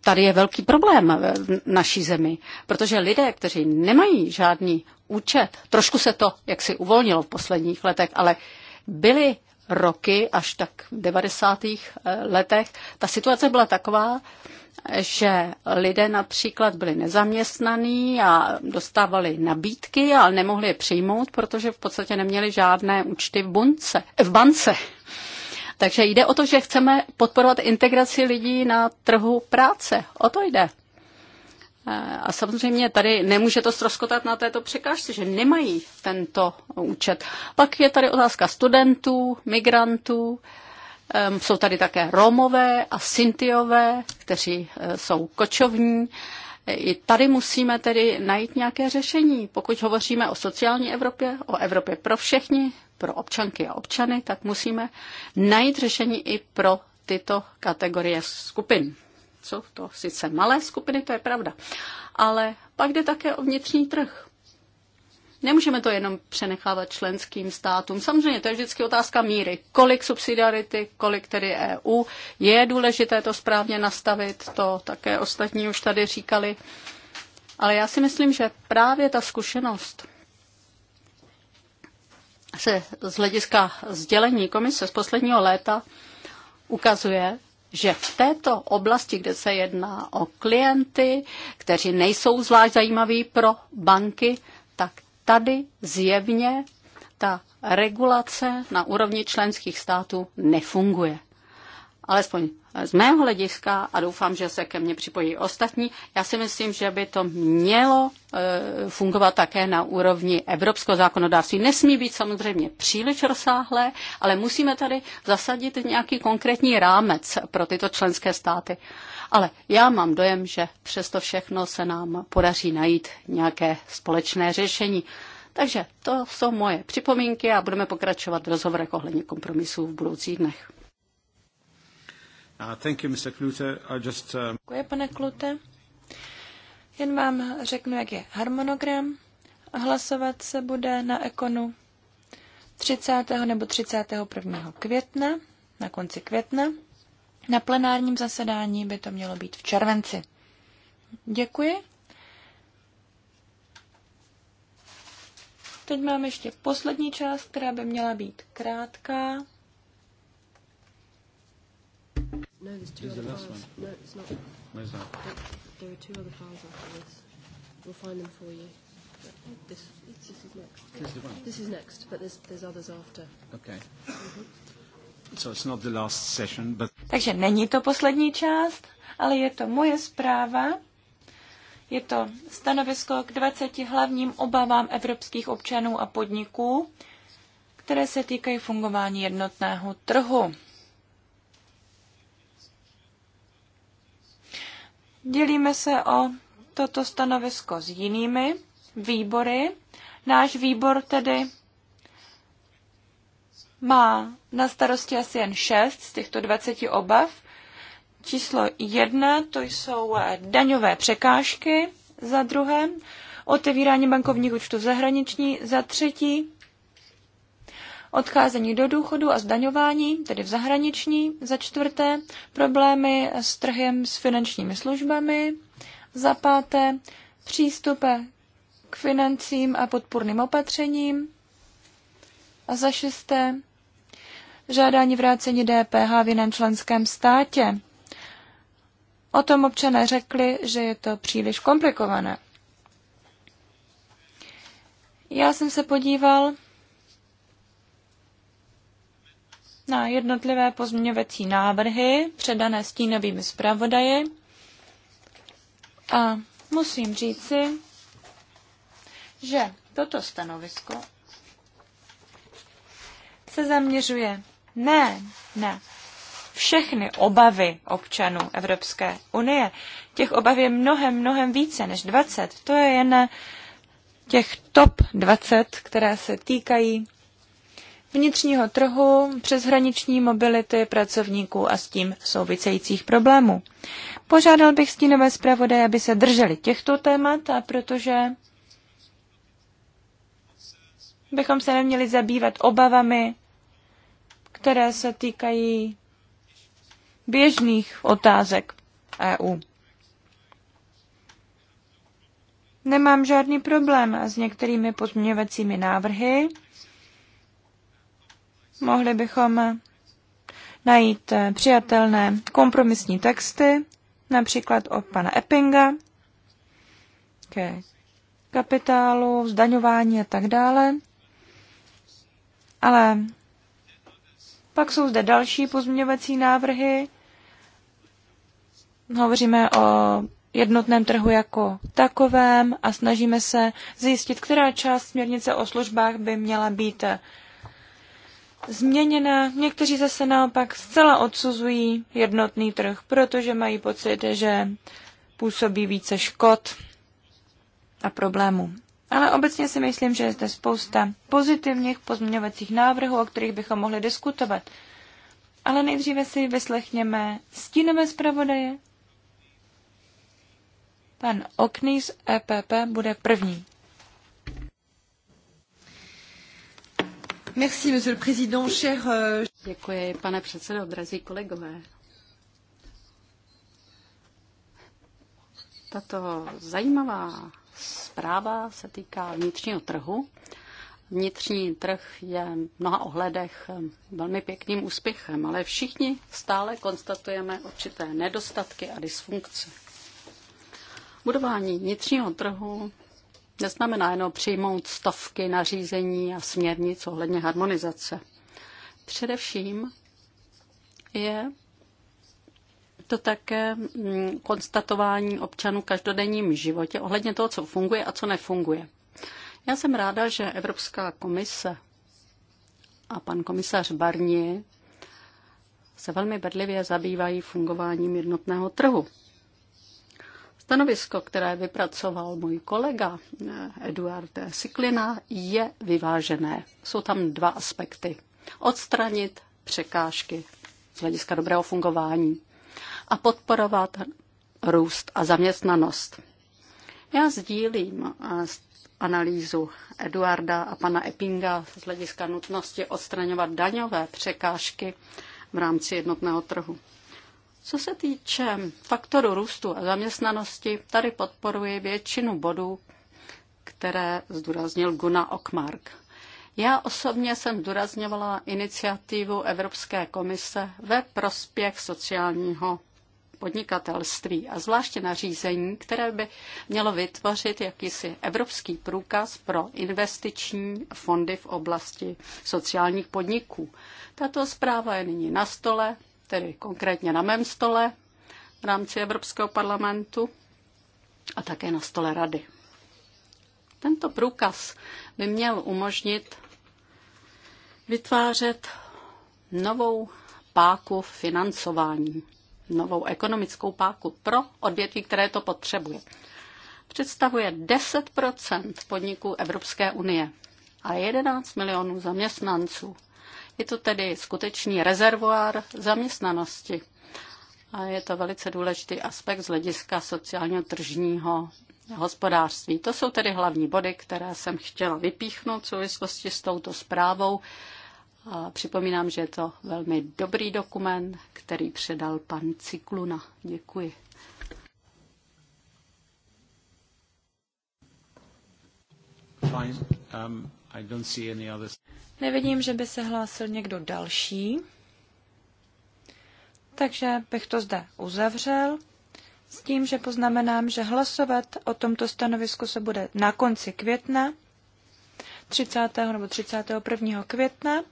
tady je velký problém v naší zemi, protože lidé, kteří nemají žádný účet, trošku se to jaksi uvolnilo v posledních letech, ale byli roky, až tak v 90. Eh, letech, ta situace byla taková, že lidé například byli nezaměstnaní a dostávali nabídky, ale nemohli je přijmout, protože v podstatě neměli žádné účty v, bunce, v bance. Takže jde o to, že chceme podporovat integraci lidí na trhu práce. O to jde. A samozřejmě tady nemůže to stroskotat na této překážce, že nemají tento účet. Pak je tady otázka studentů, migrantů, jsou tady také Romové a Sintiové, kteří e, jsou kočovní. E, I tady musíme tedy najít nějaké řešení. Pokud hovoříme o sociální Evropě, o Evropě pro všechny, pro občanky a občany, tak musíme najít řešení i pro tyto kategorie skupin. Co to sice malé skupiny, to je pravda, ale pak jde také o vnitřní trh. Nemůžeme to jenom přenechávat členským státům. Samozřejmě to je vždycky otázka míry. Kolik subsidiarity, kolik tedy EU. Je důležité to správně nastavit, to také ostatní už tady říkali. Ale já si myslím, že právě ta zkušenost se z hlediska sdělení komise z posledního léta ukazuje, že v této oblasti, kde se jedná o klienty, kteří nejsou zvlášť zajímaví pro banky, tak tady zjevně ta regulace na úrovni členských států nefunguje alespoň z mého hlediska, a doufám, že se ke mně připojí ostatní, já si myslím, že by to mělo eh, fungovat také na úrovni evropského zákonodárství. Nesmí být samozřejmě příliš rozsáhlé, ale musíme tady zasadit nějaký konkrétní rámec pro tyto členské státy. Ale já mám dojem, že přesto všechno se nám podaří najít nějaké společné řešení. Takže to jsou moje připomínky a budeme pokračovat v rozhovorech ohledně kompromisů v budoucích dnech. Uh, um, Děkuji, pane Klute. Jen vám řeknu, jak je harmonogram. hlasovat se bude na Ekonu 30. nebo 31. května, na konci května. Na plenárním zasedání by to mělo být v červenci. Děkuji. Teď mám ještě poslední část, která by měla být krátká. No, there's two other files. No, it's not. Where's that? not. There, are two other files after this. We'll find them for you. This, this is next. This is the one. This is next, but there's, there's others after. Okay. Mm-hmm. So it's not the last session, but... Takže není to poslední část, ale je to moje zpráva. Je to stanovisko k 20 hlavním obavám evropských občanů a podniků, které se týkají fungování jednotného trhu. Dělíme se o toto stanovisko s jinými výbory. Náš výbor tedy má na starosti asi jen šest z těchto 20 obav. Číslo jedna to jsou daňové překážky, za druhé otevírání bankovních účtů v zahraničí, za třetí odcházení do důchodu a zdaňování, tedy v zahraniční, za čtvrté problémy s trhem s finančními službami, za páté přístupe k financím a podpůrným opatřením a za šesté žádání vrácení DPH v jiném členském státě. O tom občané řekli, že je to příliš komplikované. Já jsem se podíval na jednotlivé pozměňovací návrhy předané stínovými zpravodaji a musím říci, že toto stanovisko se zaměřuje ne na všechny obavy občanů Evropské unie. Těch obav je mnohem, mnohem více než 20. To je jen těch top 20, které se týkají vnitřního trhu, přeshraniční mobility pracovníků a s tím souvisejících problémů. Požádal bych stínové zpravodaje, aby se drželi těchto témat, a protože bychom se neměli zabývat obavami, které se týkají běžných otázek EU. Nemám žádný problém s některými pozměňovacími návrhy, Mohli bychom najít eh, přijatelné kompromisní texty, například od pana Eppinga ke kapitálu, zdaňování a tak dále. Ale pak jsou zde další pozměňovací návrhy. Hovoříme o jednotném trhu jako takovém a snažíme se zjistit, která část směrnice o službách by měla být změněna. Někteří zase naopak zcela odsuzují jednotný trh, protože mají pocit, že působí více škod a problémů. Ale obecně si myslím, že je zde spousta pozitivních pozměňovacích návrhů, o kterých bychom mohli diskutovat. Ale nejdříve si vyslechněme stínové zpravodaje. Pan Okný z EPP bude první. Merci, monsieur le président, cher... Euh, Děkuji, pane předsedo, drazí kolegové. Tato zajímavá zpráva se týká vnitřního trhu. Vnitřní trh je v mnoha ohledech velmi pěkným úspěchem, ale všichni stále konstatujeme určité nedostatky a dysfunkce. Budování vnitřního trhu neznamená jenom přijmout stovky nařízení a směrnic ohledně harmonizace. Především je to také mm, konstatování občanů v každodenním životě ohledně toho, co funguje a co nefunguje. Já jsem ráda, že Evropská komise a pan komisař Barni se velmi bedlivě zabývají fungováním jednotného trhu. Stanovisko, které vypracoval můj kolega eh, Eduard Siklina, je vyvážené. Jsou tam dva aspekty. Odstranit překážky z hlediska dobrého fungování a podporovat růst a zaměstnanost. Já sdílím eh, analýzu Eduarda a pana Eppinga z hlediska nutnosti odstraňovat daňové překážky v rámci jednotného trhu. Co se týče faktoru růstu a zaměstnanosti, tady podporuji většinu bodů, které zdůraznil Guna Okmark. Já osobně jsem zdůrazňovala iniciativu Evropské komise ve prospěch sociálního podnikatelství a zvláště nařízení, které by mělo vytvořit jakýsi evropský průkaz pro investiční fondy v oblasti sociálních podniků. Tato zpráva je nyní na stole, tedy konkrétně na mém stole v rámci Evropského parlamentu a také na stole rady. Tento průkaz by měl umožnit vytvářet novou páku financování, novou ekonomickou páku pro odvětví, které to potřebuje. Představuje 10 podniků Evropské unie a 11 milionů zaměstnanců. Je to tedy skutečný rezervoár zaměstnanosti. A je to velice důležitý aspekt z hlediska sociálního tržního hospodářství. To jsou tedy hlavní body, které jsem chtěla vypíchnout v souvislosti s touto zprávou. A připomínám, že je to velmi dobrý dokument, který předal pan Cikluna. Děkuji. Fine. Um... Nevidím, že by se hlásil někdo další. Takže bych to zde uzavřel s tím, že poznamenám, že hlasovat o tomto stanovisku se bude na konci května, 30. nebo 31. května,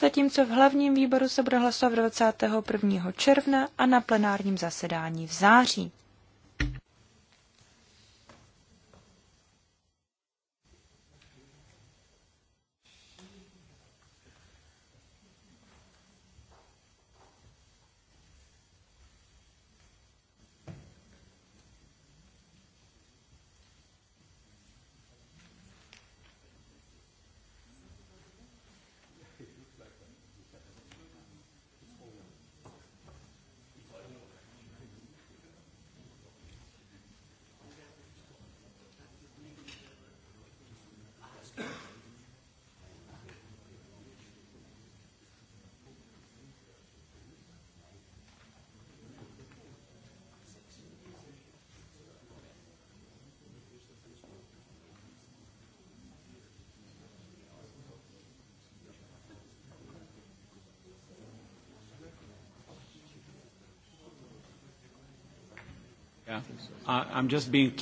zatímco v hlavním výboru se bude hlasovat 21. června a na plenárním zasedání v září.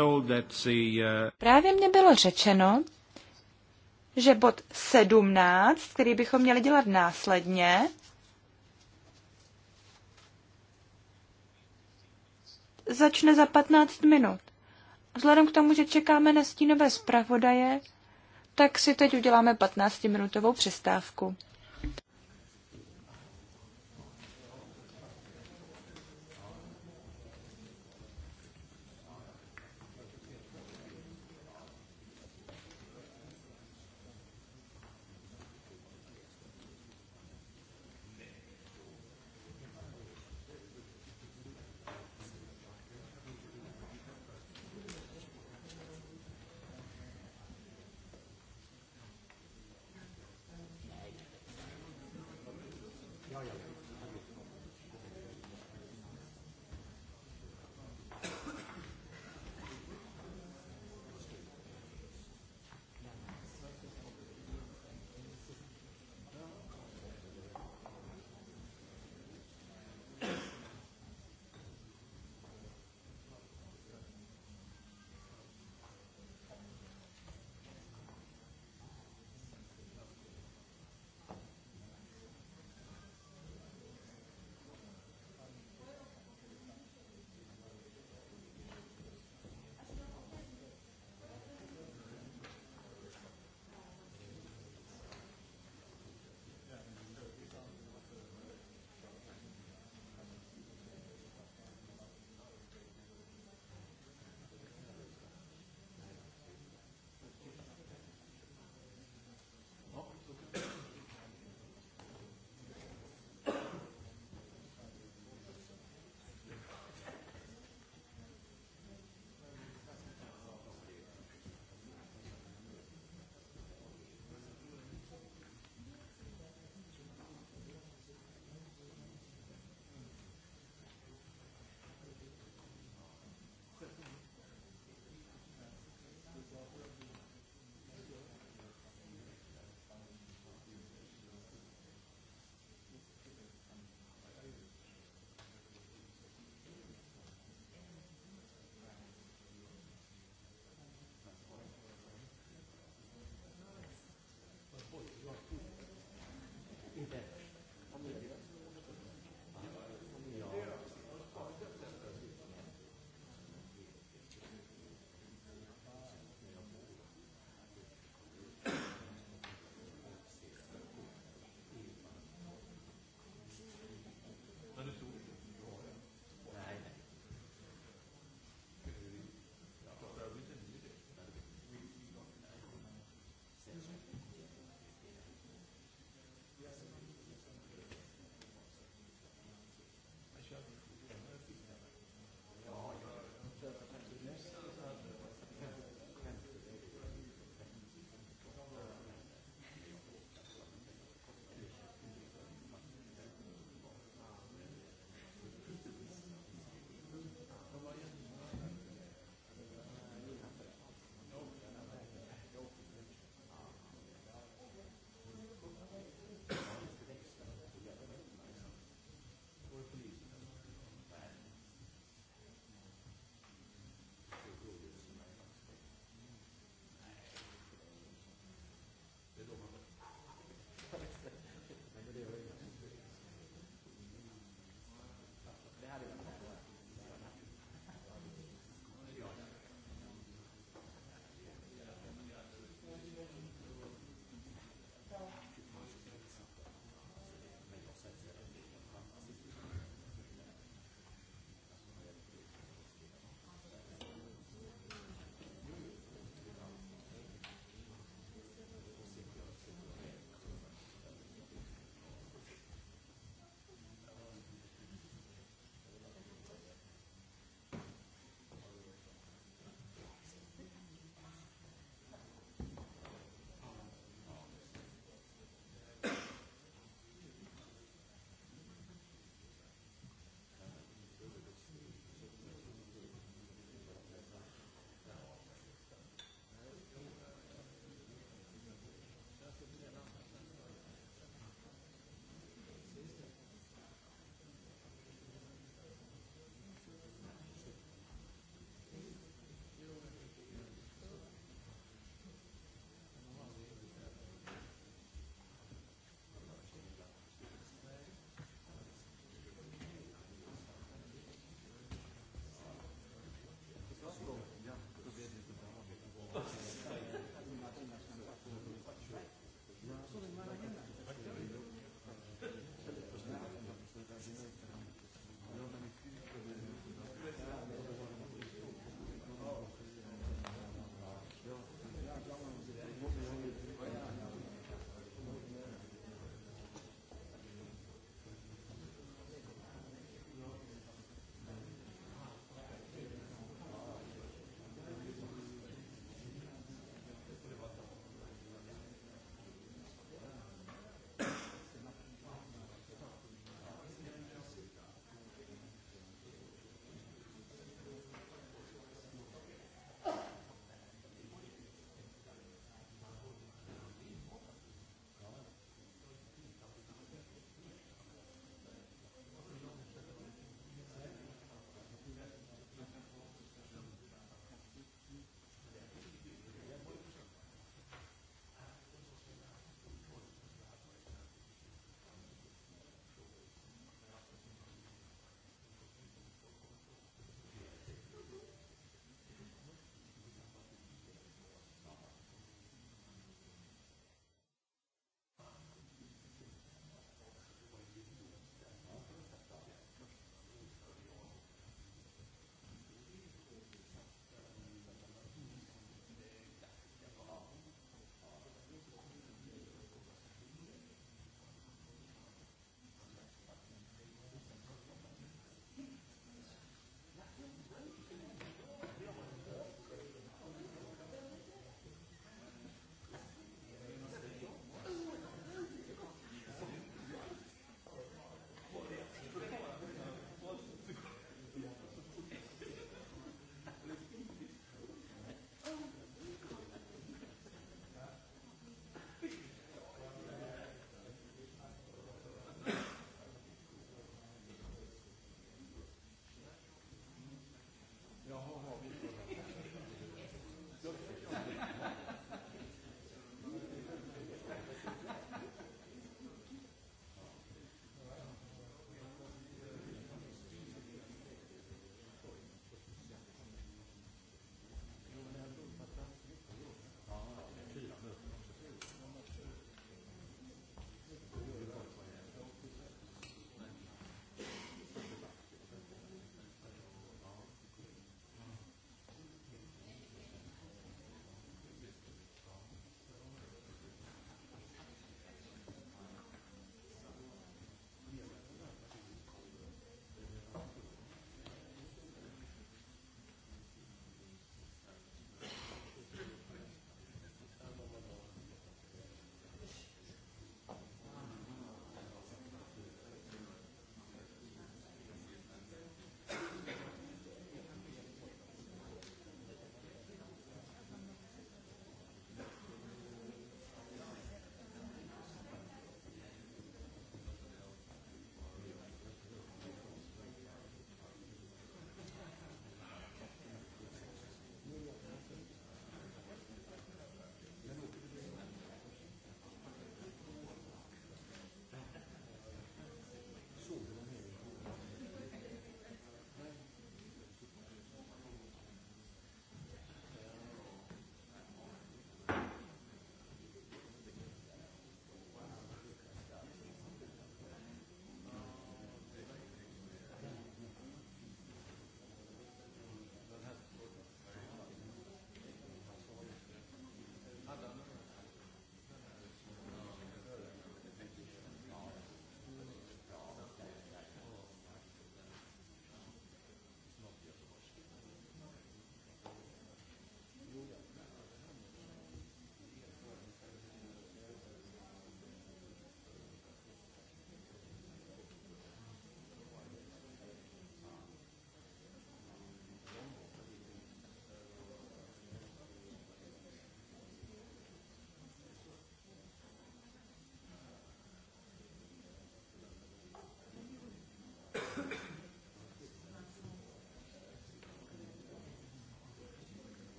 Uh, Právě mě bylo řečeno, že bod 17, který bychom měli dělat následně, začne za 15 minut. Vzhledem k tomu, že čekáme na stínové zpravodaje, tak si teď uděláme 15-minutovou přestávku.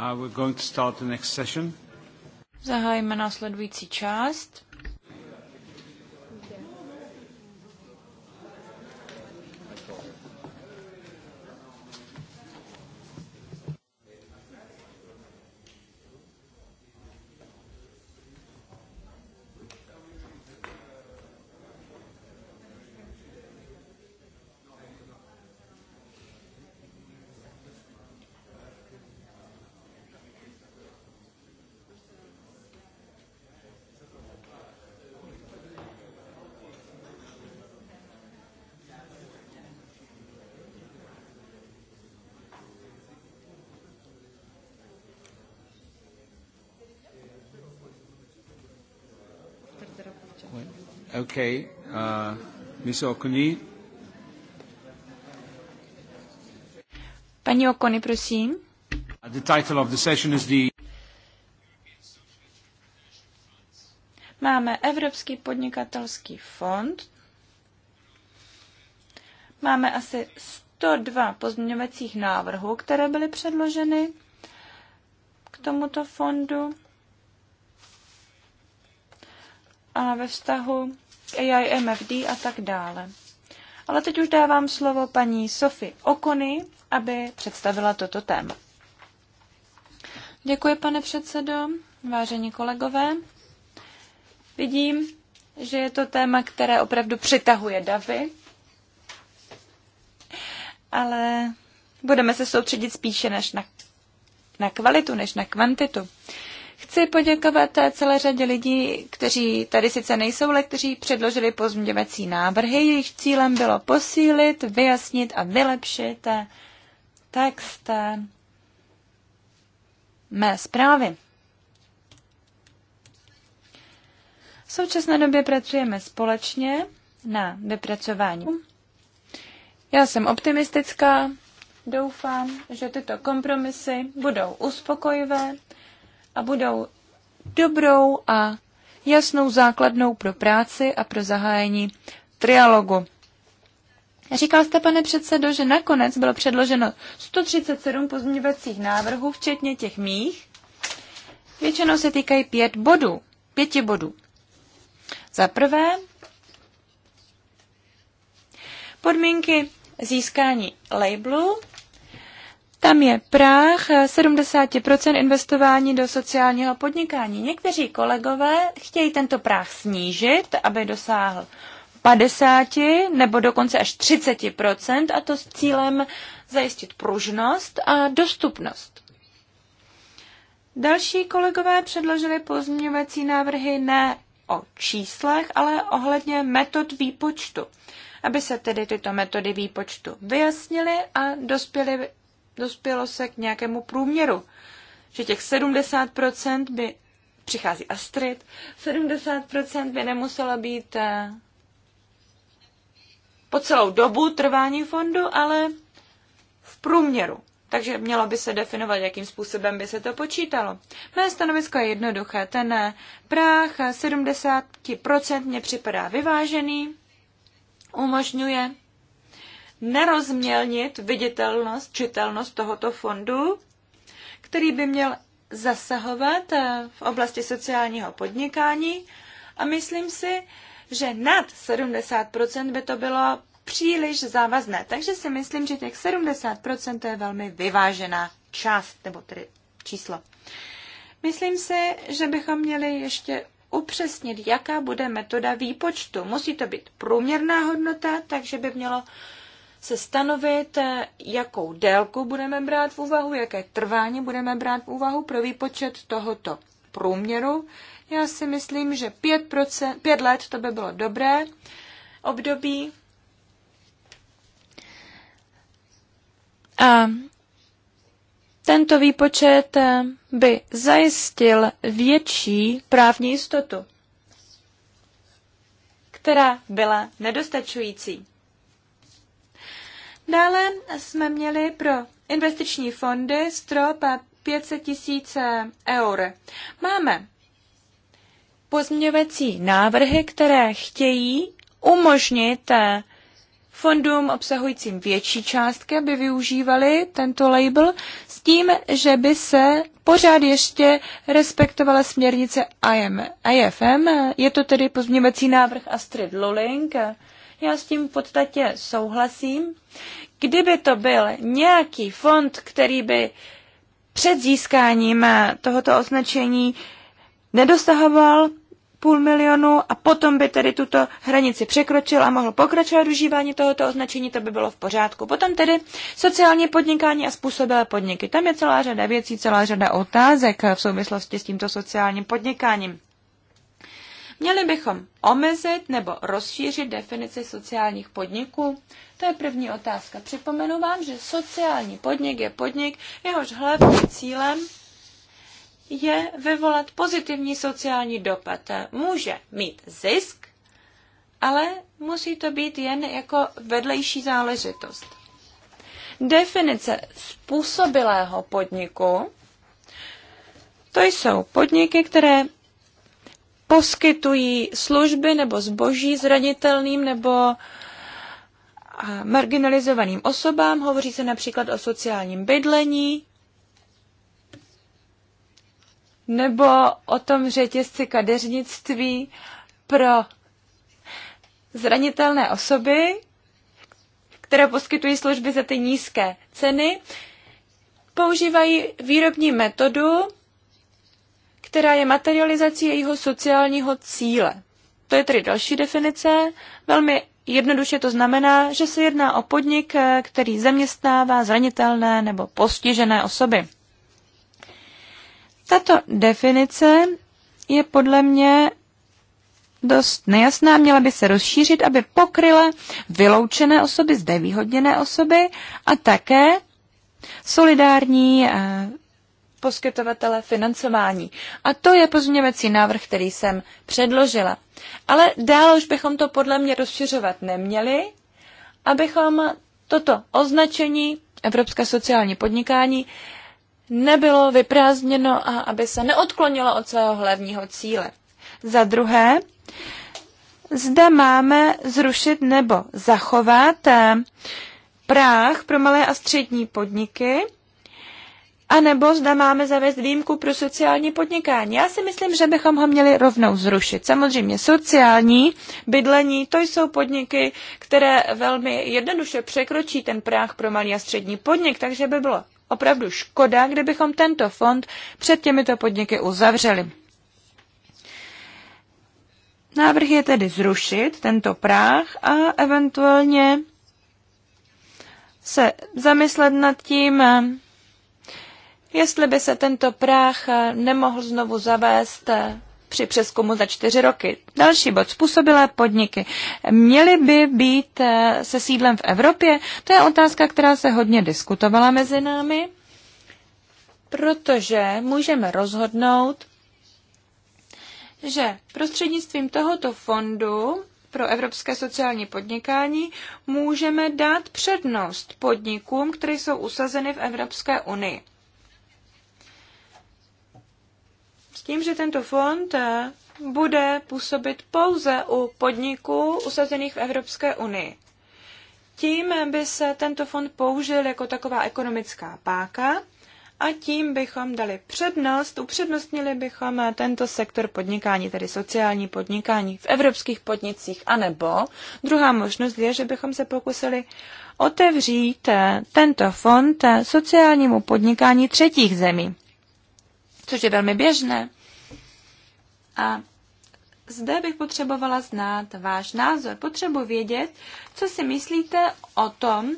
Uh, Zahájíme následující část. Okay, uh, Ms. Okuni. Paní Okony, prosím. Uh, the title of the session is the Máme Evropský podnikatelský fond. Máme asi 102 pozměňovacích návrhů, které byly předloženy k tomuto fondu. A ve vztahu k AIMFD a tak dále. Ale teď už dávám slovo paní Sofi Okony, aby představila toto téma. Děkuji, pane předsedo, vážení kolegové. Vidím, že je to téma, které opravdu přitahuje davy, ale budeme se soustředit spíše než na, na kvalitu, než na kvantitu. Chci poděkovat celé řadě lidí, kteří tady sice nejsou, ale kteří předložili pozměňovací návrhy. Jejich cílem bylo posílit, vyjasnit a vylepšit text mé zprávy. V současné době pracujeme společně na vypracování. Já jsem optimistická, doufám, že tyto kompromisy budou uspokojivé a budou dobrou a jasnou základnou pro práci a pro zahájení trialogu. Říkal jste, pane předsedo, že nakonec bylo předloženo 137 pozměňovacích návrhů, včetně těch mých. Většinou se týkají pět bodů, pěti bodů. Za prvé, podmínky získání labelu tam je práh 70% eh, investování do sociálního podnikání. Někteří kolegové chtějí tento práh snížit, aby dosáhl 50 nebo dokonce až 30% a to s cílem zajistit pružnost a dostupnost. Další kolegové předložili pozměňovací návrhy ne o číslech, ale ohledně metod výpočtu, aby se tedy tyto metody výpočtu vyjasnily a dospěly dospělo se k nějakému průměru, že těch 70% by, přichází Astrid, 70% by nemusela být eh, po celou dobu trvání fondu, ale v průměru. Takže mělo by se definovat, jakým způsobem by se to počítalo. Mé stanovisko je jednoduché. Ten eh, práh 70% eh, mě připadá vyvážený, umožňuje nerozmělnit viditelnost, čitelnost tohoto fondu, který by měl zasahovat eh, v oblasti sociálního podnikání a myslím si, že nad 70% by to bylo příliš závazné. Takže si myslím, že těch 70% to je velmi vyvážená část, nebo tedy číslo. Myslím si, že bychom měli ještě upřesnit, jaká bude metoda výpočtu. Musí to být průměrná hodnota, takže by mělo se stanovit, eh, jakou délku budeme brát v úvahu, jaké trvání budeme brát v úvahu pro výpočet tohoto průměru. Já si myslím, že 5%, 5 let to by bylo dobré období. A tento výpočet eh, by zajistil větší právní jistotu, která byla nedostačující. Dále jsme měli pro investiční fondy strop 500 tisíc eur. Máme pozměňovací návrhy, které chtějí umožnit eh, fondům obsahujícím větší částky, aby využívali tento label s tím, že by se pořád ještě respektovala směrnice IFM. Je to tedy pozměňovací návrh Astrid Luling, já s tím v podstatě souhlasím. Kdyby to byl nějaký fond, který by před získáním tohoto označení nedosahoval půl milionu a potom by tedy tuto hranici překročil a mohl pokračovat užívání tohoto označení, to by bylo v pořádku. Potom tedy sociální podnikání a způsobilé podniky. Tam je celá řada věcí, celá řada otázek v souvislosti s tímto sociálním podnikáním. Měli bychom omezit nebo rozšířit definici sociálních podniků? To je první otázka. Připomenu vám, že sociální podnik je podnik, jehož hlavním cílem je vyvolat pozitivní sociální dopad. Může mít zisk, ale musí to být jen jako vedlejší záležitost. Definice způsobilého podniku to jsou podniky, které poskytují služby nebo zboží zranitelným nebo marginalizovaným osobám. Hovoří se například o sociálním bydlení nebo o tom řetězci kadeřnictví pro zranitelné osoby, které poskytují služby za ty nízké ceny, používají výrobní metodu, která je materializací jejího sociálního cíle. To je tedy další definice. Velmi jednoduše to znamená, že se jedná o podnik, eh, který zaměstnává zranitelné nebo postižené osoby. Tato definice je podle mě dost nejasná, měla by se rozšířit, aby pokryla vyloučené osoby, výhodněné osoby a také solidární eh, poskytovatele financování. A to je pozměňovací návrh, který jsem předložila. Ale dál už bychom to podle mě rozšiřovat neměli, abychom toto označení Evropské sociální podnikání nebylo vyprázdněno a aby se neodklonilo od svého hlavního cíle. Za druhé, zda máme zrušit nebo zachovat eh, práh pro malé a střední podniky, a nebo zda máme zavést výjimku pro sociální podnikání. Já si myslím, že bychom ho měli rovnou zrušit. Samozřejmě sociální bydlení, to jsou podniky, které velmi jednoduše překročí ten práh pro malý a střední podnik, takže by bylo opravdu škoda, kdybychom tento fond před těmito podniky uzavřeli. Návrh je tedy zrušit tento práh a eventuálně se zamyslet nad tím, jestli by se tento práh eh, nemohl znovu zavést eh, při přeskumu za čtyři roky. Další bod, způsobilé podniky. Měly by být eh, se sídlem v Evropě? To je otázka, která se hodně diskutovala mezi námi, protože můžeme rozhodnout, že prostřednictvím tohoto fondu pro evropské sociální podnikání můžeme dát přednost podnikům, které jsou usazeny v Evropské unii. tím, že tento fond eh, bude působit pouze u podniků usazených v Evropské unii. Tím by se tento fond použil jako taková ekonomická páka a tím bychom dali přednost, upřednostnili bychom tento sektor podnikání, tedy sociální podnikání v evropských podnicích, anebo druhá možnost je, že bychom se pokusili otevřít eh, tento fond eh, sociálnímu podnikání třetích zemí, což je velmi běžné. A zde bych potřebovala znát váš názor. Potřebuji vědět, co si myslíte o tom,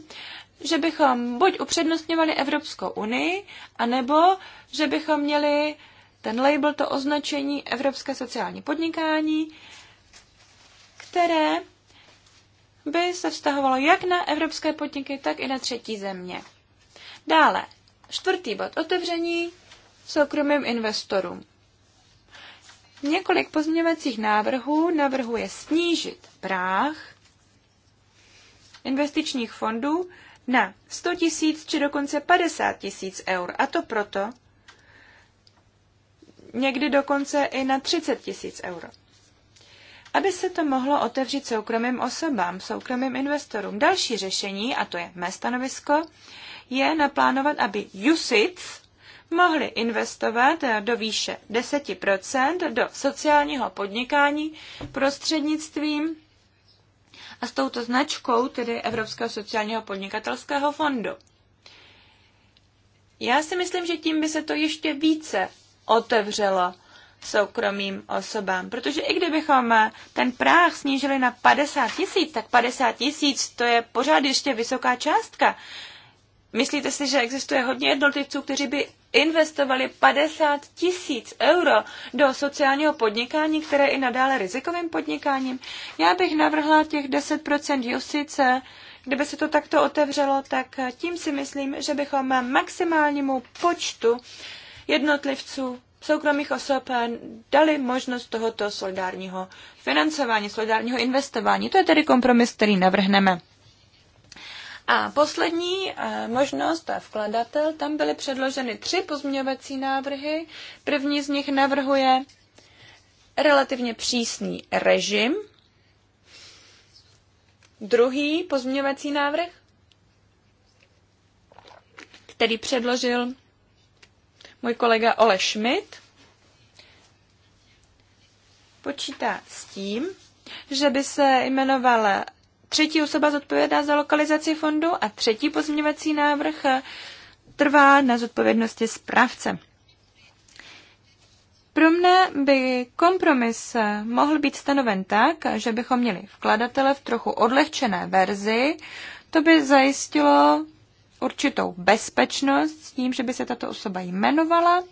že bychom buď upřednostňovali Evropskou unii, anebo že bychom měli ten label, to označení Evropské sociální podnikání, které by se vztahovalo jak na evropské podniky, tak i na třetí země. Dále, čtvrtý bod otevření soukromým investorům. Několik pozměňovacích návrhů navrhuje snížit práh investičních fondů na 100 tisíc či dokonce 50 tisíc eur. A to proto, někdy dokonce i na 30 tisíc eur, Aby se to mohlo otevřít soukromým osobám, soukromým investorům. Další řešení, a to je mé stanovisko, je naplánovat, aby USITS, mohli investovat eh, do výše 10 do sociálního podnikání prostřednictvím a s touto značkou, tedy Evropského sociálního podnikatelského fondu. Já si myslím, že tím by se to ještě více otevřelo soukromým osobám. Protože i kdybychom eh, ten práh snížili na 50 tisíc, tak 50 tisíc to je pořád ještě vysoká částka. Myslíte si, že existuje hodně jednotlivců, kteří by investovali 50 tisíc euro do sociálního podnikání, které i nadále rizikovým podnikáním. Já bych navrhla těch 10% justice, kdyby se to takto otevřelo, tak tím si myslím, že bychom maximálnímu počtu jednotlivců soukromých osob dali možnost tohoto solidárního financování, solidárního investování. To je tedy kompromis, který navrhneme. A poslední eh, možnost, to je vkladatel, tam byly předloženy tři pozměňovací návrhy. První z nich navrhuje relativně přísný režim. Druhý pozměňovací návrh, který předložil můj kolega Ole Schmidt, počítá s tím, že by se jmenovala třetí osoba zodpovědná za lokalizaci fondu a třetí pozměňovací návrh eh, trvá na zodpovědnosti správce. Pro mne by kompromis eh, mohl být stanoven tak, že bychom měli vkladatele v trochu odlehčené verzi. To by zajistilo určitou bezpečnost s tím, že by se tato osoba jmenovala,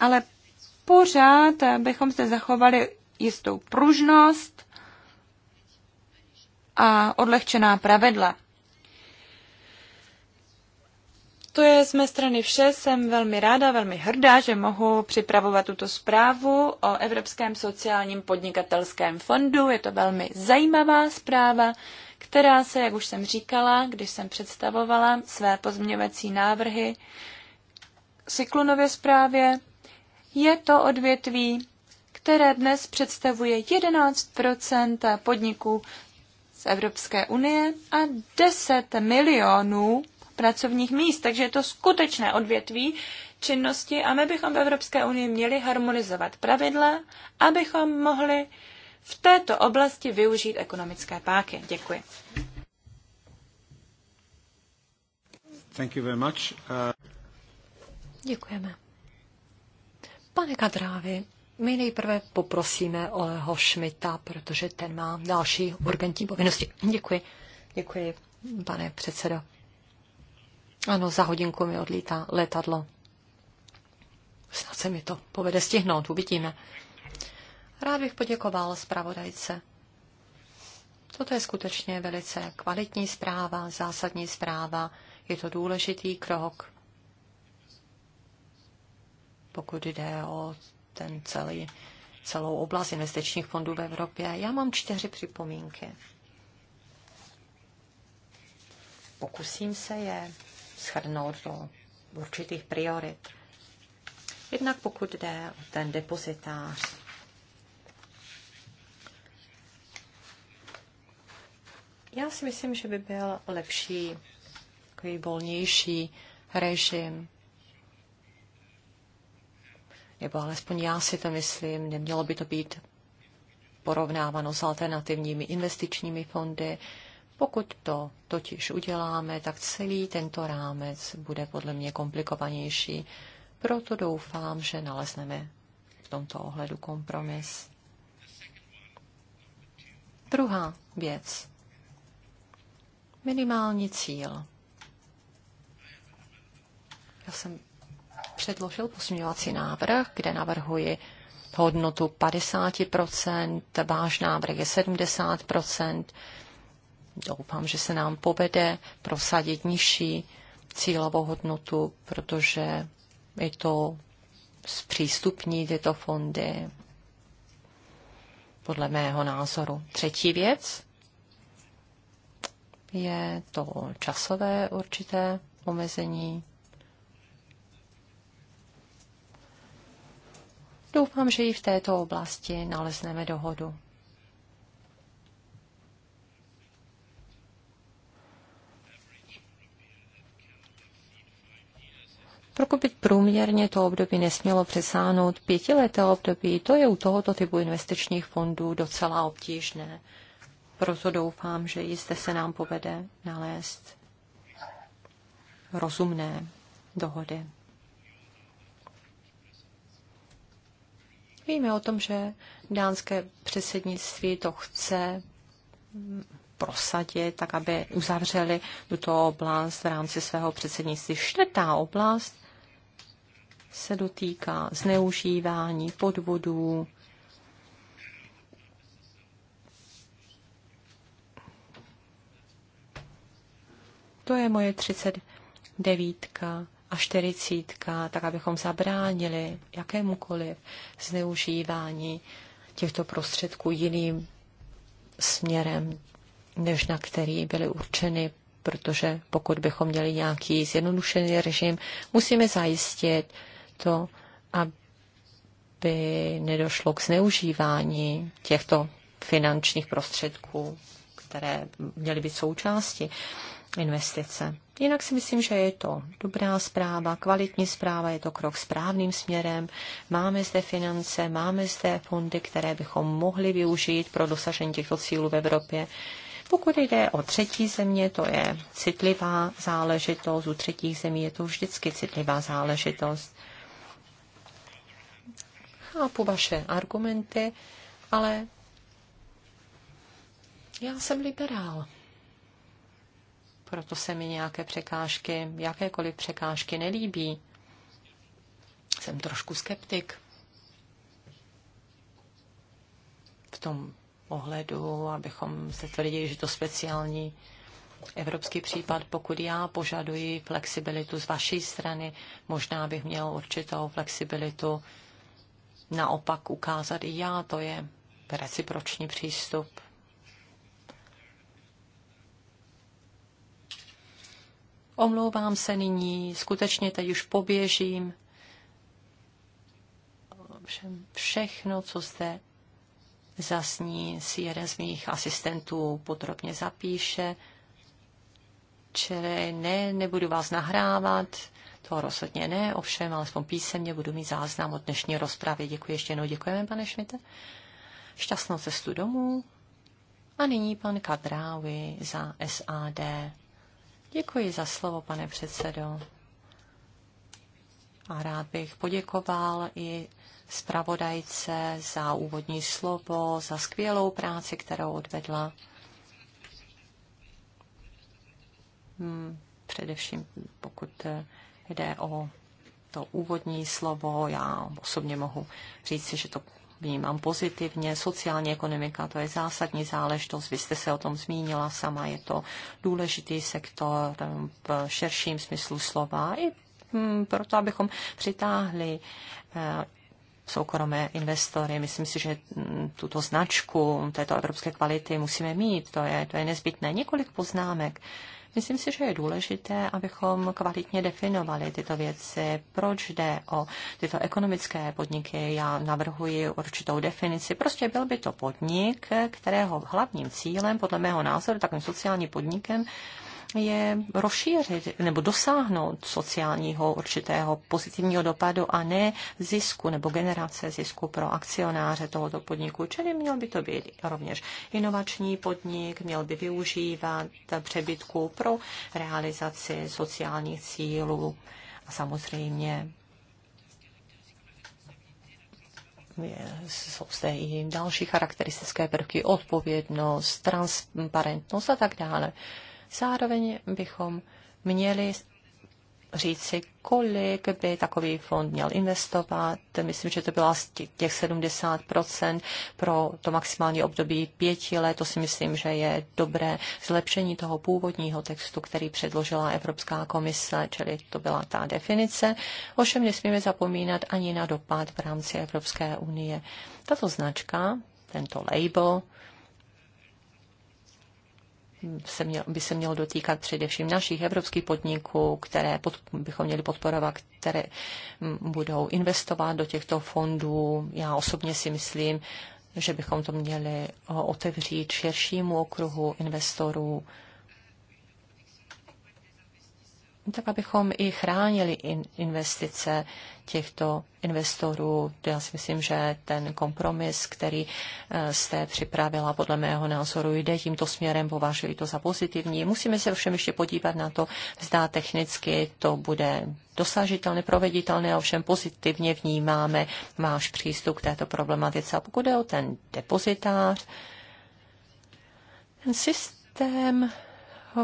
ale pořád bychom se zachovali jistou pružnost a odlehčená pravidla. To je z mé strany vše. Jsem velmi ráda, velmi hrdá, že mohu připravovat tuto zprávu o Evropském sociálním podnikatelském fondu. Je to velmi zajímavá zpráva, která se, jak už jsem říkala, když jsem představovala své pozměňovací návrhy Siklunově zprávě, je to odvětví, které dnes představuje 11 podniků Evropské unie a 10 milionů pracovních míst. Takže je to skutečné odvětví činnosti a my bychom v Evropské unii měli harmonizovat pravidla, abychom mohli v této oblasti využít ekonomické páky. Děkuji. Thank you very much. Uh... Děkujeme. Pane Kadrávi, my nejprve poprosíme jeho Šmita, protože ten má další urgentní povinnosti. Děkuji. Děkuji, pane předsedo. Ano, za hodinku mi odlítá letadlo. Snad se mi to povede stihnout, uvidíme. Rád bych poděkoval zpravodajce. Toto je skutečně velice kvalitní zpráva, zásadní zpráva. Je to důležitý krok, pokud jde o ten celý, celou oblast investičních fondů v Evropě. Já mám čtyři připomínky. Pokusím se je shrnout do určitých priorit. Jednak pokud jde o ten depozitář, já si myslím, že by byl lepší, takový volnější režim nebo alespoň já si to myslím, nemělo by to být porovnáváno s alternativními investičními fondy. Pokud to totiž uděláme, tak celý tento rámec bude podle mě komplikovanější. Proto doufám, že nalezneme v tomto ohledu kompromis. Druhá věc. Minimální cíl. Já jsem předložil posměvací návrh, kde navrhuji hodnotu 50%, váš návrh je 70%. Doufám, že se nám povede prosadit nižší cílovou hodnotu, protože je to zpřístupní tyto fondy, podle mého názoru. Třetí věc je to časové určité omezení. Doufám, že i v této oblasti nalezneme dohodu. Pokud by průměrně to období nesmělo přesáhnout pětileté období, to je u tohoto typu investičních fondů docela obtížné. Proto doufám, že jste zde se nám povede nalézt rozumné dohody. Víme o tom, že dánské předsednictví to chce prosadit, tak aby uzavřeli tuto oblast v rámci svého předsednictví. Čtvrtá oblast se dotýká zneužívání, podvodů, To je moje 39 a čtyřicítka, tak abychom zabránili jakémukoliv zneužívání těchto prostředků jiným směrem, než na který byly určeny, protože pokud bychom měli nějaký zjednodušený režim, musíme zajistit to, aby nedošlo k zneužívání těchto finančních prostředků, které měly být součástí investice. Jinak si myslím, že je to dobrá zpráva, kvalitní zpráva, je to krok správným směrem. Máme zde finance, máme zde fondy, které bychom mohli využít pro dosažení těchto cílů v Evropě. Pokud jde o třetí země, to je citlivá záležitost. U třetích zemí je to vždycky citlivá záležitost. Chápu vaše argumenty, ale já jsem liberál proto se mi nějaké překážky, jakékoliv překážky nelíbí. Jsem trošku skeptik v tom ohledu, abychom se tvrdili, že to speciální evropský případ, pokud já požaduji flexibilitu z vaší strany, možná bych měl určitou flexibilitu naopak ukázat i já, to je reciproční přístup. Omlouvám se nyní, skutečně teď už poběžím. Všem všechno, co zde zasní, si jeden z mých asistentů podrobně zapíše. Čili ne, nebudu vás nahrávat, to rozhodně ne, ovšem, alespoň písemně budu mít záznam od dnešní rozpravy. Děkuji ještě jednou, děkujeme, pane Šmite. Šťastnou cestu domů. A nyní pan Kadrávi za SAD. Děkuji za slovo, pane předsedo. A rád bych poděkoval i zpravodajce za úvodní slovo, za skvělou práci, kterou odvedla. Hmm, především pokud jde o to úvodní slovo, já osobně mohu říct, že to vnímám pozitivně. Sociální ekonomika to je zásadní záležitost. Vy jste se o tom zmínila sama. Je to důležitý sektor v širším smyslu slova i hm, proto, abychom přitáhli eh, soukromé investory. Myslím si, že hm, tuto značku této evropské kvality musíme mít. To je, to je nezbytné. Několik poznámek Myslím si, že je důležité, abychom kvalitně definovali tyto věci, proč jde o tyto ekonomické podniky. Já navrhuji určitou definici. Prostě byl by to podnik, kterého hlavním cílem, podle mého názoru, takovým sociálním podnikem, je rozšířit nebo dosáhnout sociálního určitého pozitivního dopadu a ne zisku nebo generace zisku pro akcionáře tohoto podniku. Čili měl by to být rovněž inovační podnik, měl by využívat přebytku pro realizaci sociálních cílů a samozřejmě jsou zde i další charakteristické prvky, odpovědnost, transparentnost a tak dále. Zároveň bychom měli říct si, kolik by takový fond měl investovat. Myslím, že to bylo z těch 70 pro to maximální období pěti let. To si myslím, že je dobré zlepšení toho původního textu, který předložila Evropská komise, čili to byla ta definice. Ovšem nesmíme zapomínat ani na dopad v rámci Evropské unie. Tato značka, tento label, se měl, by se mělo dotýkat především našich evropských podniků, které pod, bychom měli podporovat, které budou investovat do těchto fondů. Já osobně si myslím, že bychom to měli otevřít širšímu okruhu investorů, tak abychom i chránili in, investice těchto investorů. Já si myslím, že ten kompromis, který eh, jste připravila, podle mého názoru jde tímto směrem, považuji to za pozitivní. Musíme se ovšem ještě podívat na to, zda technicky to bude dosažitelné, proveditelné, ovšem pozitivně vnímáme váš přístup k této problematice. A pokud je o ten depozitář, ten systém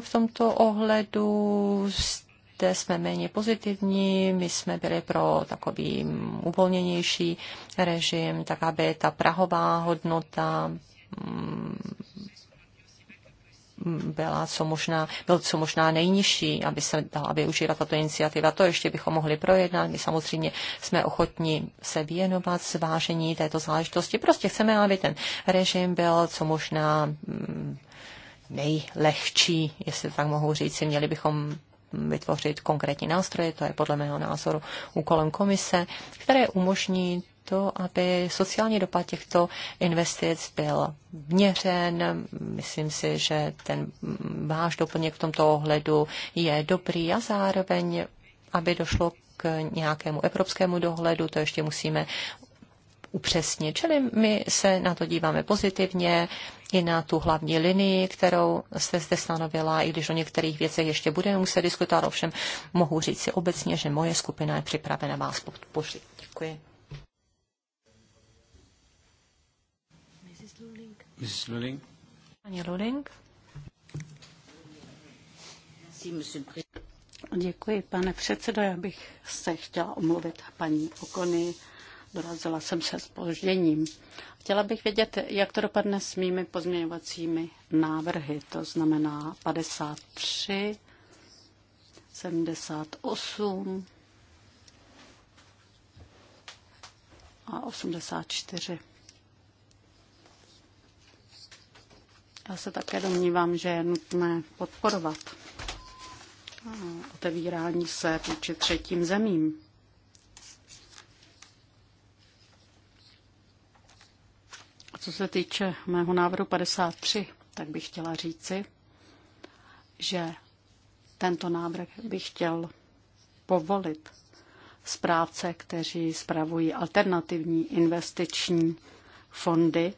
v tomto ohledu s zde jsme méně pozitivní, my jsme byli pro takový uvolněnější režim, tak aby ta prahová hodnota mm, byla co možná, byl co možná nejnižší, aby se dala využívat tato iniciativa. To ještě bychom mohli projednat. My samozřejmě jsme ochotní se věnovat zvážení této záležitosti. Prostě chceme, aby ten režim byl co možná mm, nejlehčí, jestli tak mohu říct. Měli bychom vytvořit konkrétní nástroje, to je podle mého názoru úkolem komise, které umožní to, aby sociální dopad těchto investic byl měřen. Myslím si, že ten váš doplněk v tomto ohledu je dobrý a zároveň, aby došlo k nějakému evropskému dohledu, to ještě musíme upřesnit. Čili my se na to díváme pozitivně, i na tu hlavní linii, kterou jste zde stanovila, i když o některých věcech ještě budeme muset diskutovat, ovšem mohu říct si obecně, že moje skupina je připravena vás podpořit. Děkuji. Mrs. Luling. Pani Luling. Děkuji, pane předsedo. Já bych se chtěla omluvit paní Okony Dorazila jsem se spožděním. Chtěla bych vědět, jak to dopadne s mými pozměňovacími návrhy, to znamená 53, 78 a 84. Já se také domnívám, že je nutné podporovat otevírání se vůči třetím zemím. Co se týče mého návrhu 53, tak bych chtěla říci, že tento návrh bych chtěl povolit zprávce, kteří spravují alternativní investiční fondy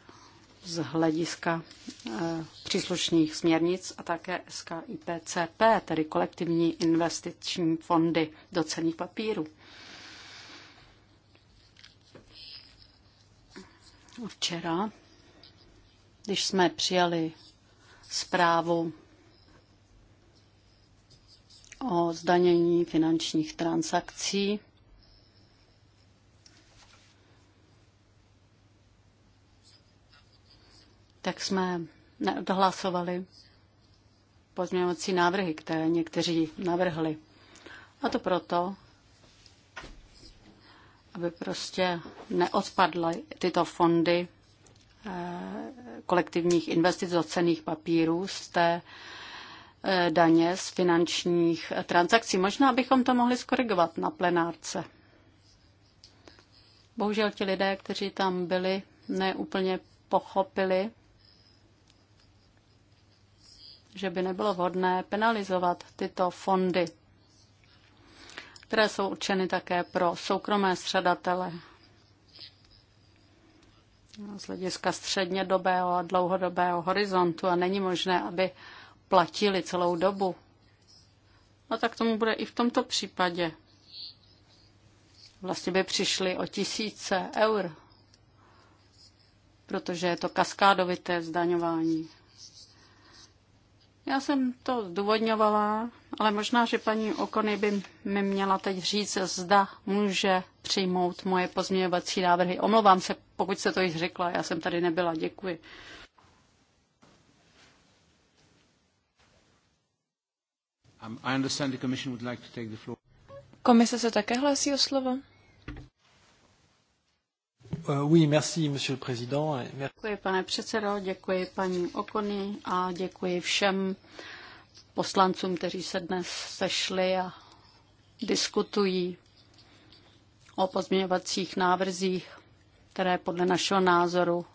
z hlediska eh, příslušných směrnic a také SKIPCP, tedy kolektivní investiční fondy do cených papírů. Včera, když jsme přijali zprávu o zdanění finančních transakcí, tak jsme neodhlasovali pozměňovací návrhy, které někteří navrhli. A to proto, aby prostě neodpadly tyto fondy eh, kolektivních investic do cených papírů z té eh, daně z finančních eh, transakcí. Možná bychom to mohli skorigovat na plenárce. Bohužel ti lidé, kteří tam byli, neúplně pochopili, že by nebylo vhodné penalizovat tyto fondy které jsou určeny také pro soukromé středatele z hlediska střednědobého a dlouhodobého horizontu a není možné, aby platili celou dobu. A no tak tomu bude i v tomto případě. Vlastně by přišli o tisíce eur, protože je to kaskádovité zdaňování. Já jsem to zdůvodňovala, ale možná, že paní Okony by mi měla teď říct, zda může přijmout moje pozměňovací návrhy. Omlouvám se, pokud se to již řekla, já jsem tady nebyla. Děkuji. Um, Komise se také hlásí o slovo. Euh, oui, merci, monsieur le président. Děkuji, pane předsedo, děkuji paní Okony a děkuji všem poslancům, kteří se dnes sešli a diskutují o pozměňovacích návrzích, které podle našeho názoru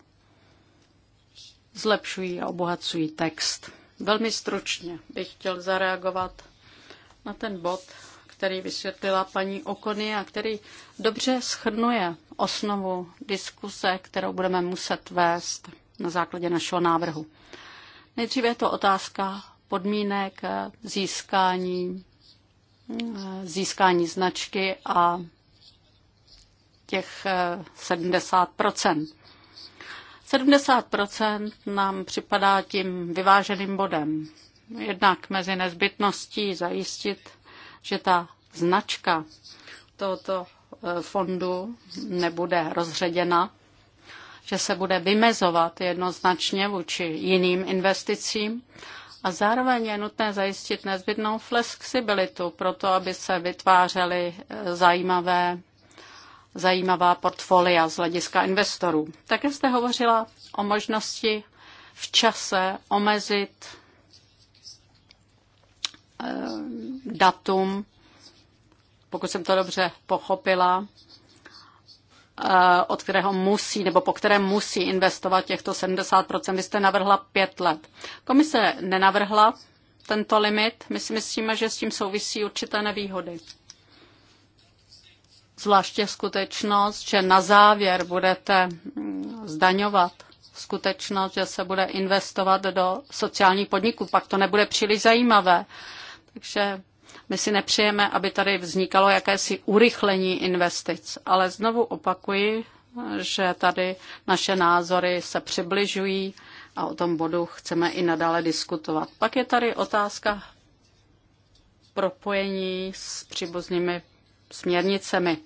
zlepšují a obohacují text. Velmi stručně bych chtěl zareagovat na ten bod, který vysvětlila paní Okony a který dobře schrnuje osnovu diskuse, kterou budeme muset vést na základě našeho návrhu. Nejdříve je to otázka podmínek získání, získání značky a těch 70 eh, 70 nám připadá tím vyváženým bodem. Jednak mezi nezbytností zajistit že ta značka tohoto eh, fondu nebude rozředěna, že se bude vymezovat jednoznačně vůči jiným investicím a zároveň je nutné zajistit nezbytnou flexibilitu pro to, aby se vytvářely eh, zajímavé, zajímavá portfolia z hlediska investorů. Také jste hovořila o možnosti v čase omezit eh, datum, pokud jsem to dobře pochopila, eh, od kterého musí, nebo po kterém musí investovat těchto 70%. Vy jste navrhla pět let. Komise nenavrhla tento limit. My si myslíme, že s tím souvisí určité nevýhody. Zvláště skutečnost, že na závěr budete mm, zdaňovat skutečnost, že se bude investovat do sociálních podniků, pak to nebude příliš zajímavé. Takže my si nepřejeme, aby tady vznikalo jakési urychlení investic, ale znovu opakuji, že tady naše názory se přibližují a o tom bodu chceme i nadále diskutovat. Pak je tady otázka propojení s příbuznými směrnicemi.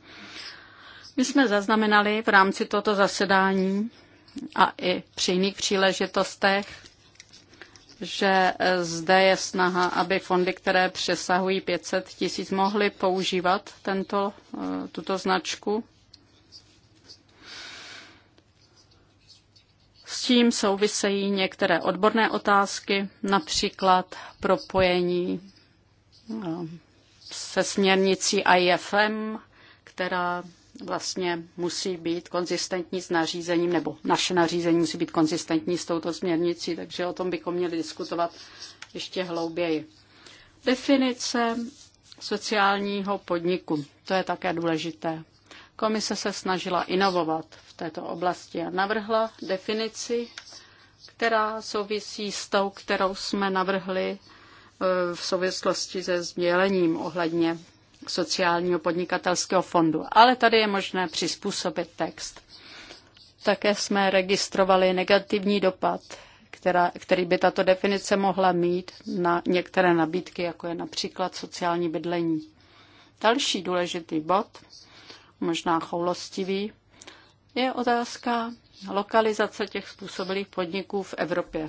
My jsme zaznamenali v rámci tohoto zasedání a i při jiných příležitostech že eh, zde je snaha, aby fondy, které přesahují 500 tisíc, mohly používat tento, eh, tuto značku. S tím souvisejí některé odborné otázky, například propojení eh, se směrnicí IFM, která vlastně musí být konzistentní s nařízením, nebo naše nařízení musí být konzistentní s touto směrnicí, takže o tom bychom měli diskutovat ještě hlouběji. Definice sociálního podniku, to je také důležité. Komise se snažila inovovat v této oblasti a navrhla definici, která souvisí s tou, kterou jsme navrhli eh, v souvislosti se sdělením ohledně sociálního podnikatelského fondu. Ale tady je možné přizpůsobit text. Také jsme registrovali negativní dopad, která, který by tato definice mohla mít na některé nabídky, jako je například sociální bydlení. Další důležitý bod, možná choulostivý, je otázka lokalizace těch způsobilých podniků v Evropě.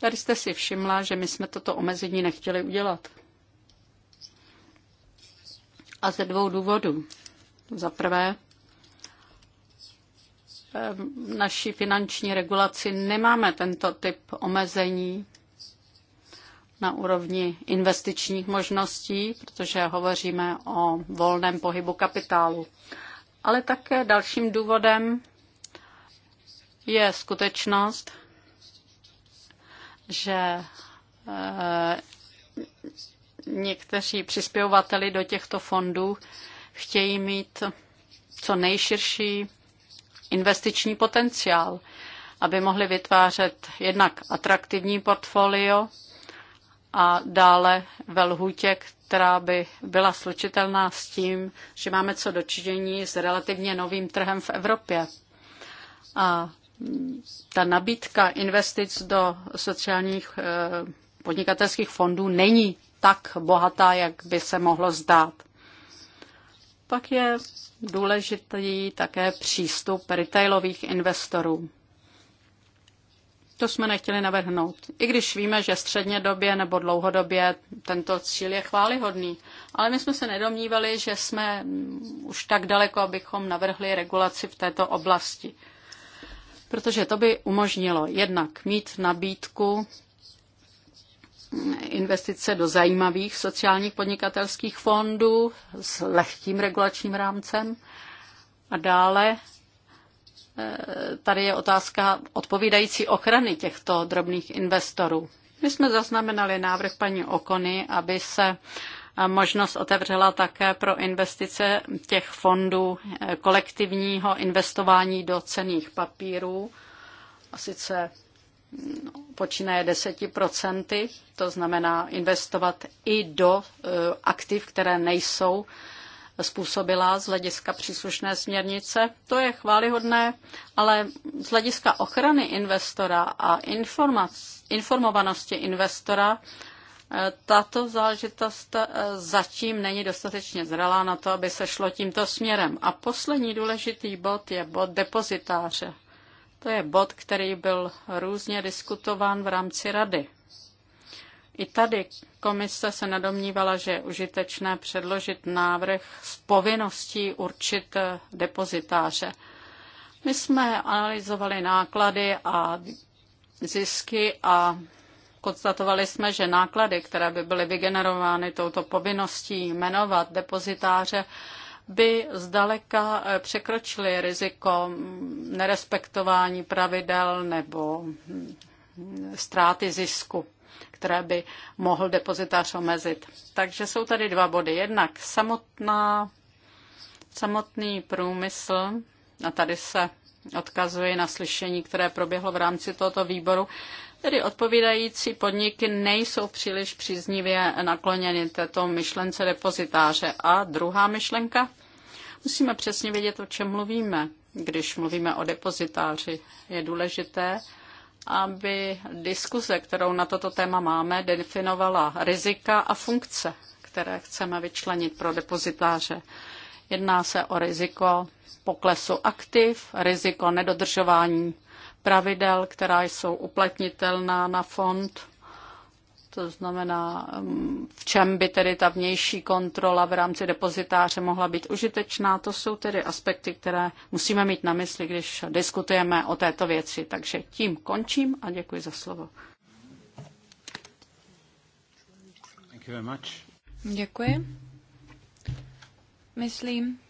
Tady jste si všimla, že my jsme toto omezení nechtěli udělat. A ze dvou důvodů. Za prvé, ehm, naší finanční regulaci nemáme tento typ omezení na úrovni investičních možností, protože hovoříme o volném pohybu kapitálu. Ale také dalším důvodem je skutečnost, že eh, někteří přispěvateli do těchto fondů chtějí mít co nejširší investiční potenciál, aby mohli vytvářet jednak atraktivní portfolio a dále ve lhůtě, která by byla slučitelná s tím, že máme co dočinění s relativně novým trhem v Evropě. A ta nabídka investic do sociálních eh, podnikatelských fondů není tak bohatá, jak by se mohlo zdát. Pak je důležitý také přístup retailových investorů. To jsme nechtěli navrhnout. I když víme, že středně době nebo dlouhodobě tento cíl je chválihodný, ale my jsme se nedomnívali, že jsme už tak daleko, abychom navrhli regulaci v této oblasti. Protože to by umožnilo jednak mít nabídku investice do zajímavých sociálních podnikatelských fondů s lehkým regulačním rámcem. A dále eh, tady je otázka odpovídající ochrany těchto drobných investorů. My jsme zaznamenali návrh paní Okony, aby se možnost otevřela také pro investice těch fondů eh, kolektivního investování do cených papírů, a sice No, počínaje 10%, to znamená investovat i do eh, aktiv, které nejsou způsobilá z hlediska příslušné směrnice. To je chválihodné, ale z hlediska ochrany investora a informovanosti investora eh, tato záležitost eh, zatím není dostatečně zralá na to, aby se šlo tímto směrem. A poslední důležitý bod je bod depozitáře. To je bod, který byl různě diskutován v rámci rady. I tady komise se nadomnívala, že je užitečné předložit návrh s povinností určit eh, depozitáře. My jsme analyzovali náklady a zisky a konstatovali jsme, že náklady, které by byly vygenerovány touto povinností jmenovat depozitáře, by zdaleka eh, překročily riziko mm, nerespektování pravidel nebo mm, ztráty zisku které by mohl depozitář omezit. Takže jsou tady dva body. Jednak samotná, samotný průmysl, a tady se odkazuji na slyšení, které proběhlo v rámci tohoto výboru, Tedy odpovídající podniky nejsou příliš příznivě nakloněny této myšlence depozitáře. A druhá myšlenka? Musíme přesně vědět, o čem mluvíme, když mluvíme o depozitáři. Je důležité, aby diskuze, kterou na toto téma máme, definovala rizika a funkce, které chceme vyčlenit pro depozitáře. Jedná se o riziko poklesu aktiv, riziko nedodržování pravidel, která jsou uplatnitelná na fond. To znamená, mm, v čem by tedy ta vnější kontrola v rámci depozitáře mohla být užitečná. To jsou tedy aspekty, které musíme mít na mysli, když diskutujeme o této věci. Takže tím končím a děkuji za slovo. Děkuji. Myslím,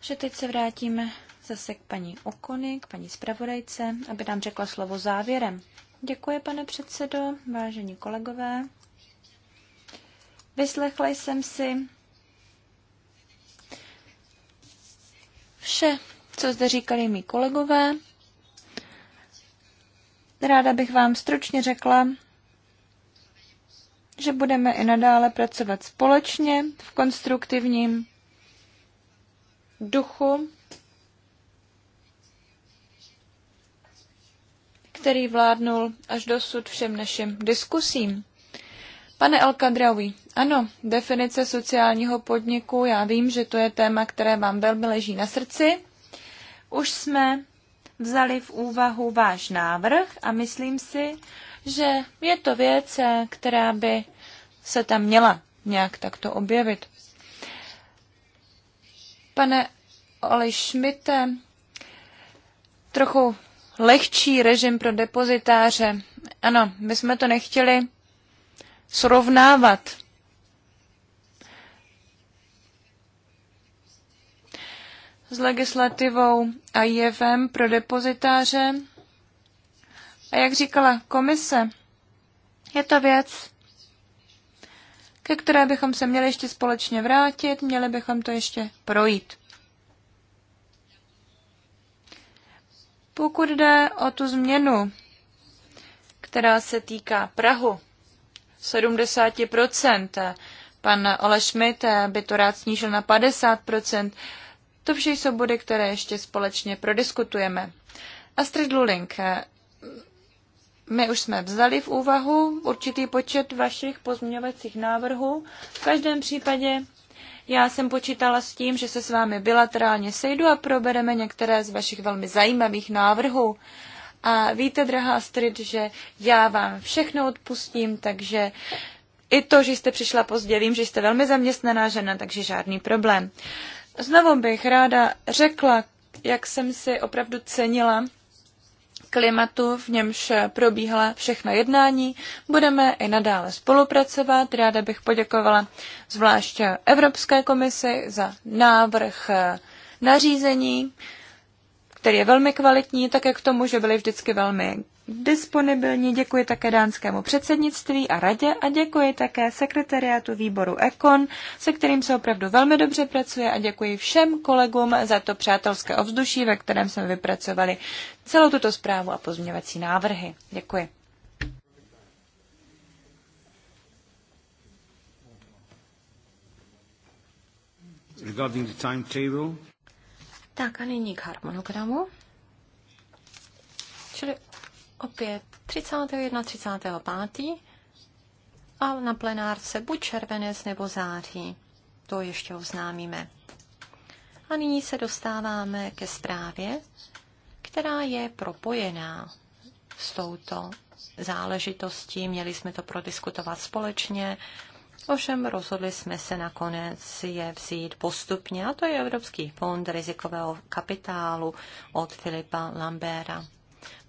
že teď se vrátíme zase k paní Okony, k paní zpravodajce, aby nám řekla slovo závěrem. Děkuji, pane předsedo, vážení kolegové. Vyslechla jsem si vše, co zde říkali mý kolegové. Ráda bych vám stručně řekla, že budeme i nadále pracovat společně v konstruktivním duchu který vládnul až dosud všem našim diskusím. Pane Alkadraoui, ano, definice sociálního podniku, já vím, že to je téma, které vám velmi leží na srdci. Už jsme vzali v úvahu váš návrh a myslím si, že je to věc, která by se tam měla nějak takto objevit. Pane Oli Schmidt, trochu lehčí režim pro depozitáře. Ano, my jsme to nechtěli srovnávat. s legislativou a IFM pro depozitáře. A jak říkala komise, je to věc, ke které bychom se měli ještě společně vrátit, měli bychom to ještě projít. Pokud jde o tu změnu, která se týká Prahu, 70%, pan Ole Schmidt by to rád snížil na 50%, to vše jsou body, které ještě společně prodiskutujeme. Astrid Luling, my už jsme vzali v úvahu určitý počet vašich pozměňovacích návrhů. V každém případě já jsem počítala s tím, že se s vámi bilaterálně sejdu a probereme některé z vašich velmi zajímavých návrhů. A víte, drahá Astrid, že já vám všechno odpustím, takže i to, že jste přišla pozdě, vím, že jste velmi zaměstnaná žena, takže žádný problém. Znovu bych ráda řekla, jak jsem si opravdu cenila klimatu, v němž probíhala všechna jednání. Budeme i nadále spolupracovat. Ráda bych poděkovala zvláště Evropské komisi za návrh eh, nařízení, který je velmi kvalitní, také k tomu, že byli vždycky velmi disponibilní. Děkuji také dánskému předsednictví a radě a děkuji také sekretariátu výboru Ekon, se kterým se opravdu velmi dobře pracuje a děkuji všem kolegům za to přátelské ovzduší, ve kterém jsme vypracovali celou tuto zprávu a pozměňovací návrhy. Děkuji. Regarding the timetable. Tak a nyní k harmonogramu. Čili opět 31. 35. a na plenárce buď červenec nebo září. To ještě oznámíme. A nyní se dostáváme ke zprávě, která je propojená s touto záležitostí. Měli jsme to prodiskutovat společně, ovšem rozhodli jsme se nakonec je vzít postupně, a to je Evropský fond rizikového kapitálu od Filipa Lambera.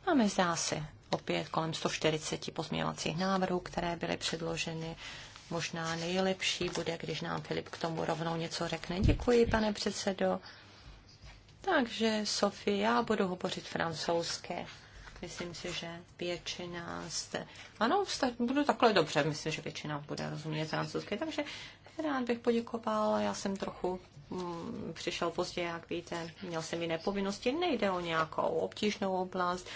Máme zdá se opět kolem 140 pozměňovacích návrhů, které byly předloženy. Možná nejlepší bude, když nám Filip k tomu rovnou něco řekne. Děkuji, pane předsedo. Takže, Sofie, já budu hovořit francouzské. Myslím si, že většina jste... Ano, vstať, budu takhle dobře, myslím, že většina bude rozumět francouzské. Takže rád bych poděkoval, já jsem trochu Mm, přišel pozdě, jak víte, měl jsem jiné povinnosti, nejde o nějakou obtížnou oblast,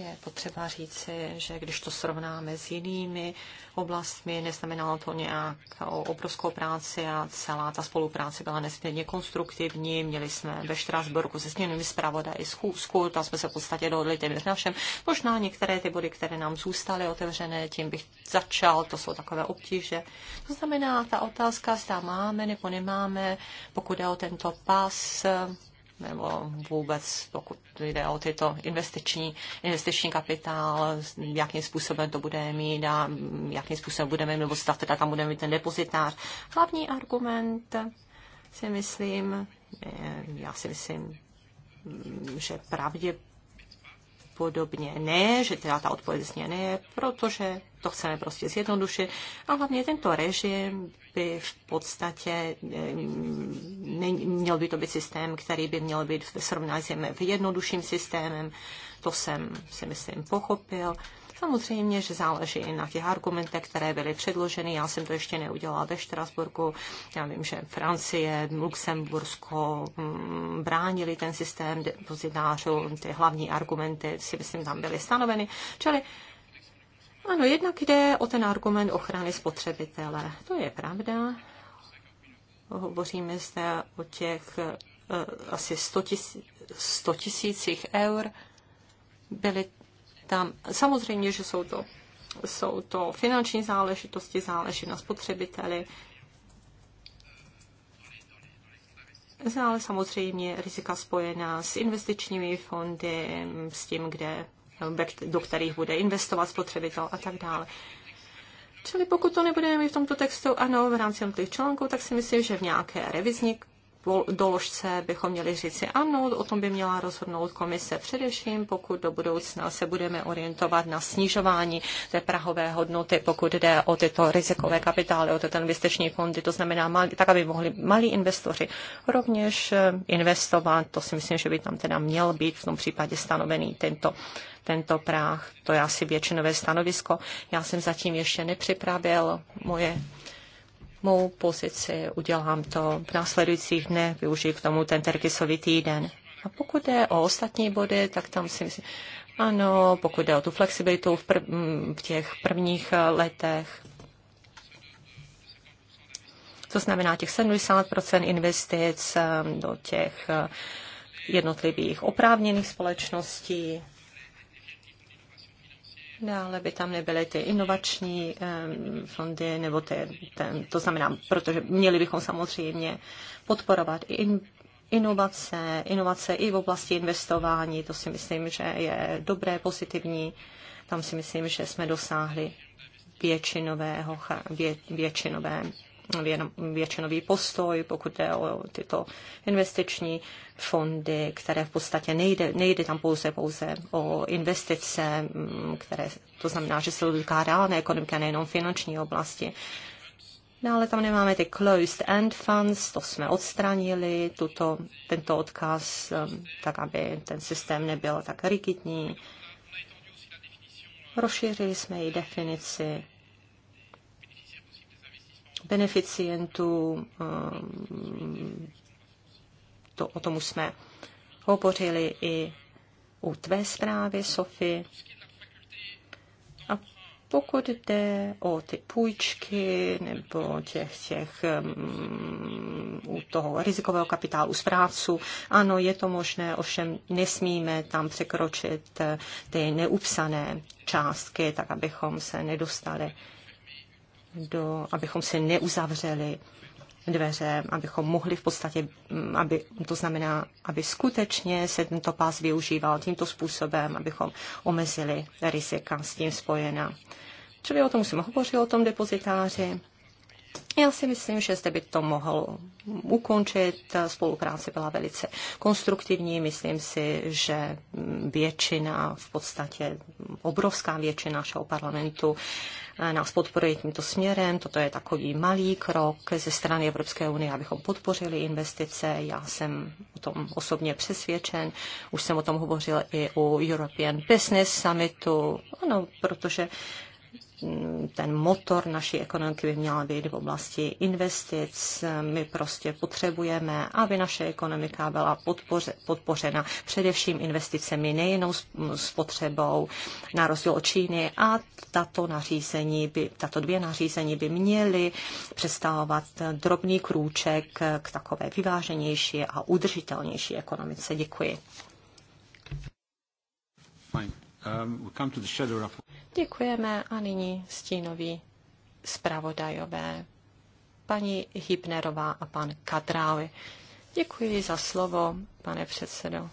je potřeba říci, že když to srovnáme s jinými oblastmi, neznamenalo to nějakou obrovskou práci a celá ta spolupráce byla nesmírně konstruktivní. Měli jsme ve Štrasburku se směnými zpravodaji schůzku, tam jsme se v podstatě dohodli téměř na všem. Možná některé ty body, které nám zůstaly otevřené, tím bych začal, to jsou takové obtíže. To znamená, ta otázka, zda máme nebo nemáme, pokud je o tento pas, nebo vůbec, pokud jde o tyto investiční, investiční kapitál, jakým způsobem to bude mít a jakým způsobem budeme, nebo stav teda tam budeme mít ten depozitář. Hlavní argument si myslím, já si myslím, že pravdě podobně ne, že teda ta odpověď zně ne, protože to chceme prostě zjednodušit. A hlavně tento režim by v podstatě mm, ne, měl by to být systém, který by měl být v srovnání s jednodušším systémem. To jsem si myslím pochopil. Samozřejmě, že záleží i na těch argumentech, které byly předloženy. Já jsem to ještě neudělala ve Štrasburku. Já vím, že Francie, Luxembursko mm, bránili ten systém depozitářů. Ty hlavní argumenty si myslím tam byly stanoveny. Čili ano, jednak jde o ten argument ochrany spotřebitele. To je pravda. Hovoříme zde o těch eh, asi 100 tisících eur. Byly tam. Samozřejmě, že jsou to, jsou to finanční záležitosti, záleží na spotřebiteli, ale samozřejmě rizika spojená s investičními fondy, s tím, kde, do kterých bude investovat spotřebitel a tak dále. Čili pokud to nebudeme mít v tomto textu, ano, v rámci těch článků, tak si myslím, že v nějaké revizní doložce bychom měli říci ano, o tom by měla rozhodnout komise především, pokud do budoucna se budeme orientovat na snižování té prahové hodnoty, pokud jde o tyto rizikové kapitály, o tyto investiční fondy, to znamená tak, aby mohli malí investoři rovněž eh, investovat, to si myslím, že by tam teda měl být v tom případě stanovený tento tento práh, to je asi většinové stanovisko. Já jsem zatím ještě nepřipravil moje mou pozici, udělám to v následujících dnech, využiju k tomu ten terkisový týden. A pokud je o ostatní body, tak tam si myslím, ano, pokud jde o tu flexibilitu v, prv, v těch prvních eh, letech, to znamená těch 70 investic eh, do těch eh, jednotlivých oprávněných společností, Dále no, by tam nebyly ty inovační fondy, nebo ty, ten, to znamená, protože měli bychom samozřejmě podporovat i in, inovace, inovace i v oblasti investování, to si myslím, že je dobré, pozitivní. Tam si myslím, že jsme dosáhli většinového, vě, většinové většinový postoj, pokud jde o tyto investiční fondy, které v podstatě nejde, nejde tam pouze, pouze o investice, mm, které, to znamená, že se dotýká reálné ekonomiky nejenom finanční oblasti. No, ale tam nemáme ty closed end funds, to jsme odstranili, tuto, tento odkaz, mm, tak aby ten systém nebyl tak rigidní. Rozšířili jsme i definici beneficientů, eh, to, o tom už jsme hovořili i u tvé zprávy, Sofie. A pokud jde o ty půjčky nebo těch, těch um, u toho rizikového kapitálu zprávců, ano, je to možné, ovšem nesmíme tam překročit eh, ty neupsané částky, tak abychom se nedostali do, abychom si neuzavřeli dveře, abychom mohli v podstatě, mm, aby, to znamená, aby skutečně se tento pás využíval tímto způsobem, abychom omezili rizika s tím spojená. Čili o tom jsem hovořit, o tom depozitáři. Já si myslím, že zde by to mohl ukončit. Spolupráce byla velice konstruktivní. Myslím si, že většina, v podstatě obrovská většina našeho parlamentu eh, nás podporuje tímto směrem. Toto je takový malý krok ze strany Evropské unie, abychom podpořili investice. Já jsem o tom osobně přesvědčen. Už jsem o tom hovořil i u European Business Summitu. Ano, protože ten motor naší ekonomiky by měla být v oblasti investic. My prostě potřebujeme, aby naše ekonomika byla podpoře, podpořena především investicemi, nejenom spotřebou, na rozdíl od Číny. A tato, nařízení by, tato dvě nařízení by měly představovat drobný krůček k takové vyváženější a udržitelnější ekonomice. Děkuji. Fine. Um, Děkujeme a nyní stínoví zpravodajové, paní Hybnerová a pan Kadrály. Děkuji za slovo, pane předsedo.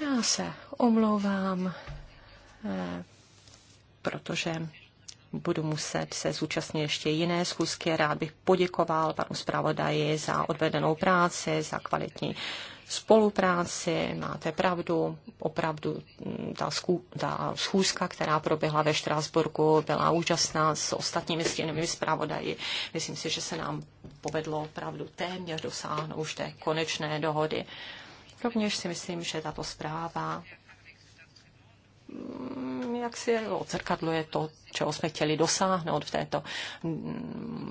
Já se omlouvám, eh, protože budu muset se zúčastnit ještě jiné schůzky. Rád bych poděkoval panu zpravodaji za odvedenou práci, za kvalitní spolupráci. Máte pravdu, opravdu mm, ta, zku, ta schůzka, která proběhla ve Štrásburku, byla úžasná s ostatními stěnými zpravodaji. Myslím si, že se nám povedlo opravdu téměř dosáhnout už té konečné dohody. Rovněž si myslím, že tato zpráva mm, praxi odzrkadluje to, čeho jsme chtěli dosáhnout v, této,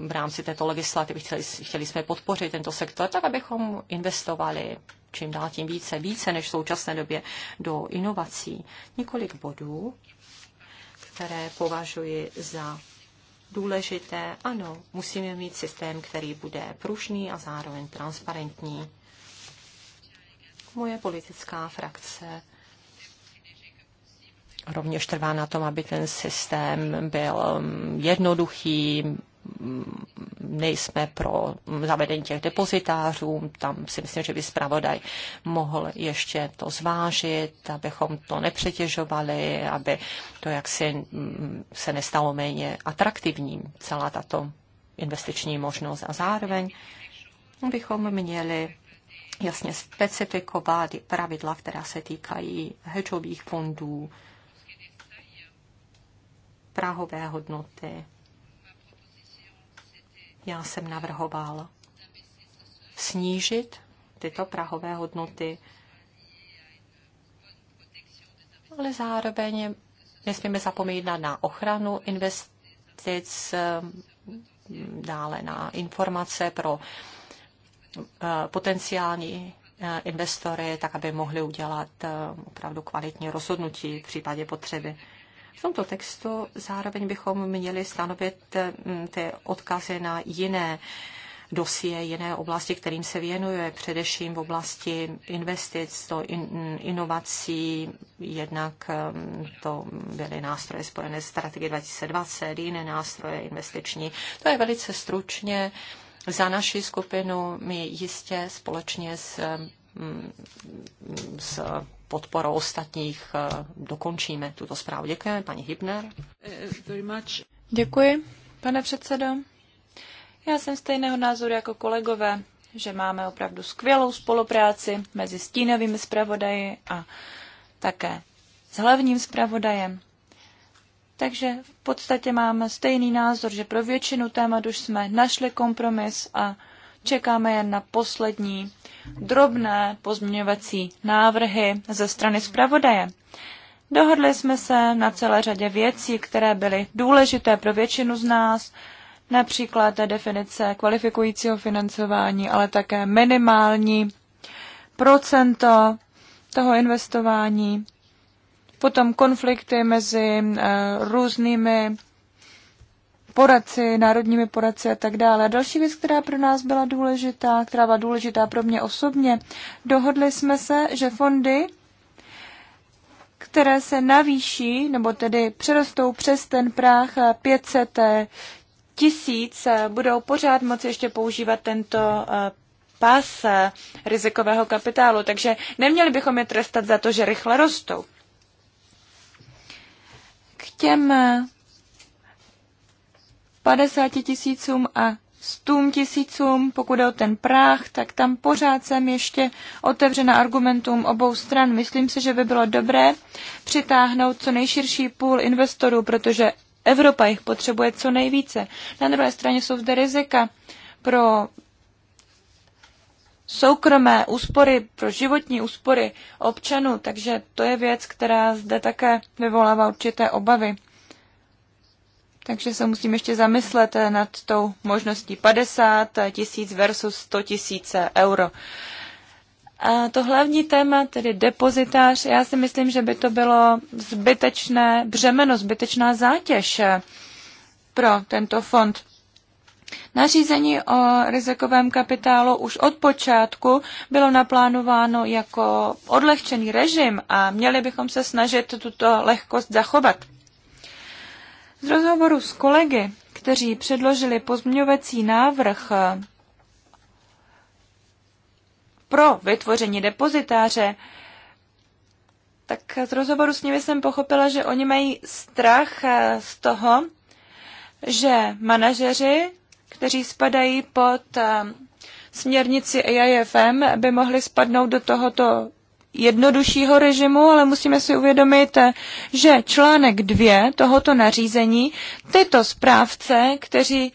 v rámci této legislativy. Chtěli, chtěli jsme podpořit tento sektor tak, abychom investovali čím dál tím více, více než v současné době do inovací. Několik bodů, které považuji za důležité. Ano, musíme mít systém, který bude pružný a zároveň transparentní. Moje politická frakce rovněž trvá na tom, aby ten systém byl um, jednoduchý, nejsme pro zavedení těch depozitářů, tam si myslím, že by zpravodaj mohl ještě to zvážit, abychom to nepřetěžovali, aby to jaksi mm, se nestalo méně atraktivním, celá tato investiční možnost. A zároveň bychom měli jasně specifikovat pravidla, která se týkají hedžových fondů, prahové hodnoty. Já jsem navrhoval snížit tyto prahové hodnoty, ale zároveň nesmíme zapomínat na ochranu investic, dále na informace pro eh, potenciální eh, investory, tak aby mohli udělat eh, opravdu kvalitní rozhodnutí v případě potřeby. V tomto textu zároveň bychom měli stanovit mm, ty odkazy na jiné dosie jiné oblasti, kterým se věnuje, především v oblasti investic, to in, inovací, jednak mm, to byly nástroje spojené s strategií 2020, jiné nástroje investiční. To je velice stručně. Za naši skupinu my jistě společně s, mm, s podporou ostatních eh, dokončíme tuto zprávu. Děkujeme, paní Hybner. Děkuji, pane předsedo. Já jsem stejného názoru jako kolegové, že máme opravdu skvělou spolupráci mezi stínovými zpravodaji a také s hlavním zpravodajem. Takže v podstatě máme stejný názor, že pro většinu témat už jsme našli kompromis a Čekáme jen na poslední drobné pozměňovací návrhy ze strany zpravodaje. Dohodli jsme se na celé řadě věcí, které byly důležité pro většinu z nás, například té definice kvalifikujícího financování, ale také minimální procento toho investování, potom konflikty mezi eh, různými poradci, národními poradci a tak dále. A další věc, která pro nás byla důležitá, která byla důležitá pro mě osobně, dohodli jsme se, že fondy, které se navýší, nebo tedy přerostou přes ten práh 500 tisíc, budou pořád moci ještě používat tento eh, pas eh, rizikového kapitálu, takže neměli bychom je trestat za to, že rychle rostou. K těm eh, 50 tisícům a 100 tisícům, pokud je o ten práh, tak tam pořád jsem ještě otevřena argumentům obou stran. Myslím si, že by bylo dobré přitáhnout co nejširší půl investorů, protože Evropa jich potřebuje co nejvíce. Na druhé straně jsou zde rizika pro soukromé úspory, pro životní úspory občanů, takže to je věc, která zde také vyvolává určité obavy. Takže se musím ještě zamyslet eh, nad tou možností 50 eh, tisíc versus 100 tisíc euro. A to hlavní téma, tedy depozitář, já si myslím, že by to bylo zbytečné břemeno, zbytečná zátěž eh, pro tento fond. Nařízení o rizikovém kapitálu už od počátku bylo naplánováno jako odlehčený režim a měli bychom se snažit tuto lehkost zachovat. Z rozhovoru s kolegy, kteří předložili pozměňovací návrh eh, pro vytvoření depozitáře, tak z rozhovoru s nimi jsem pochopila, že oni mají strach eh, z toho, že manažeři, kteří spadají pod eh, směrnici AIFM, by mohli spadnout do tohoto jednoduššího režimu, ale musíme si uvědomit, že článek 2 tohoto nařízení tyto správce, kteří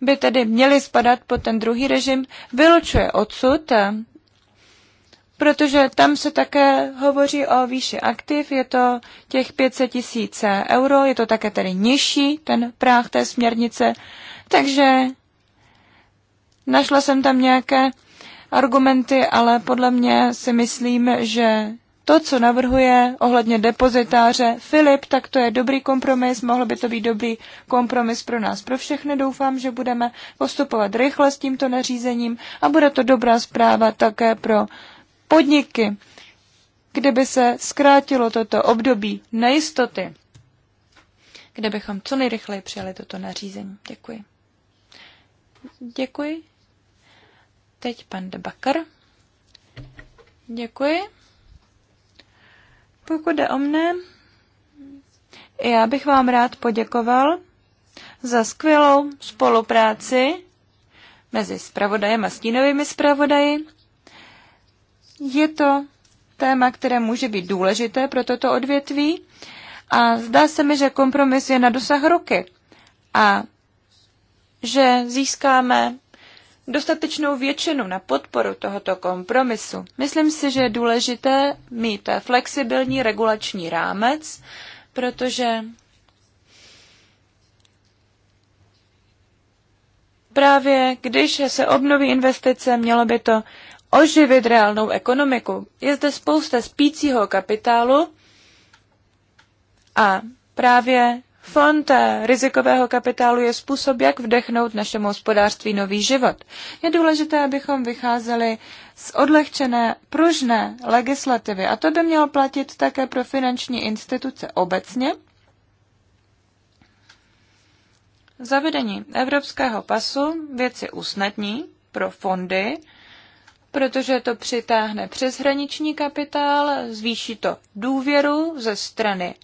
by tedy měli spadat pod ten druhý režim, vylučuje odsud, protože tam se také hovoří o výši aktiv, je to těch 500 tisíc euro, je to také tedy nižší ten práh té směrnice, takže našla jsem tam nějaké argumenty, ale podle mě si myslím, že to, co navrhuje ohledně depozitáře Filip, tak to je dobrý kompromis, mohl by to být dobrý kompromis pro nás, pro všechny. Doufám, že budeme postupovat rychle s tímto nařízením a bude to dobrá zpráva také pro podniky, kdyby se zkrátilo toto období nejistoty, kde bychom co nejrychleji přijali toto nařízení. Děkuji. Děkuji. Teď pan de Bakar. Děkuji. Pokud jde o mne, já bych vám rád poděkoval za skvělou spolupráci mezi spravodajem a stínovými spravodají. Je to téma, které může být důležité pro toto odvětví a zdá se mi, že kompromis je na dosah ruky a že získáme dostatečnou většinu na podporu tohoto kompromisu. Myslím si, že je důležité mít flexibilní regulační rámec, protože právě když se obnoví investice, mělo by to oživit reálnou ekonomiku. Je zde spousta spícího kapitálu a právě Fond rizikového kapitálu je způsob, jak vdechnout našemu hospodářství nový život. Je důležité, abychom vycházeli z odlehčené, pružné legislativy a to by mělo platit také pro finanční instituce obecně. Zavedení evropského pasu věci usnadní pro fondy, protože to přitáhne přeshraniční kapitál, zvýší to důvěru ze strany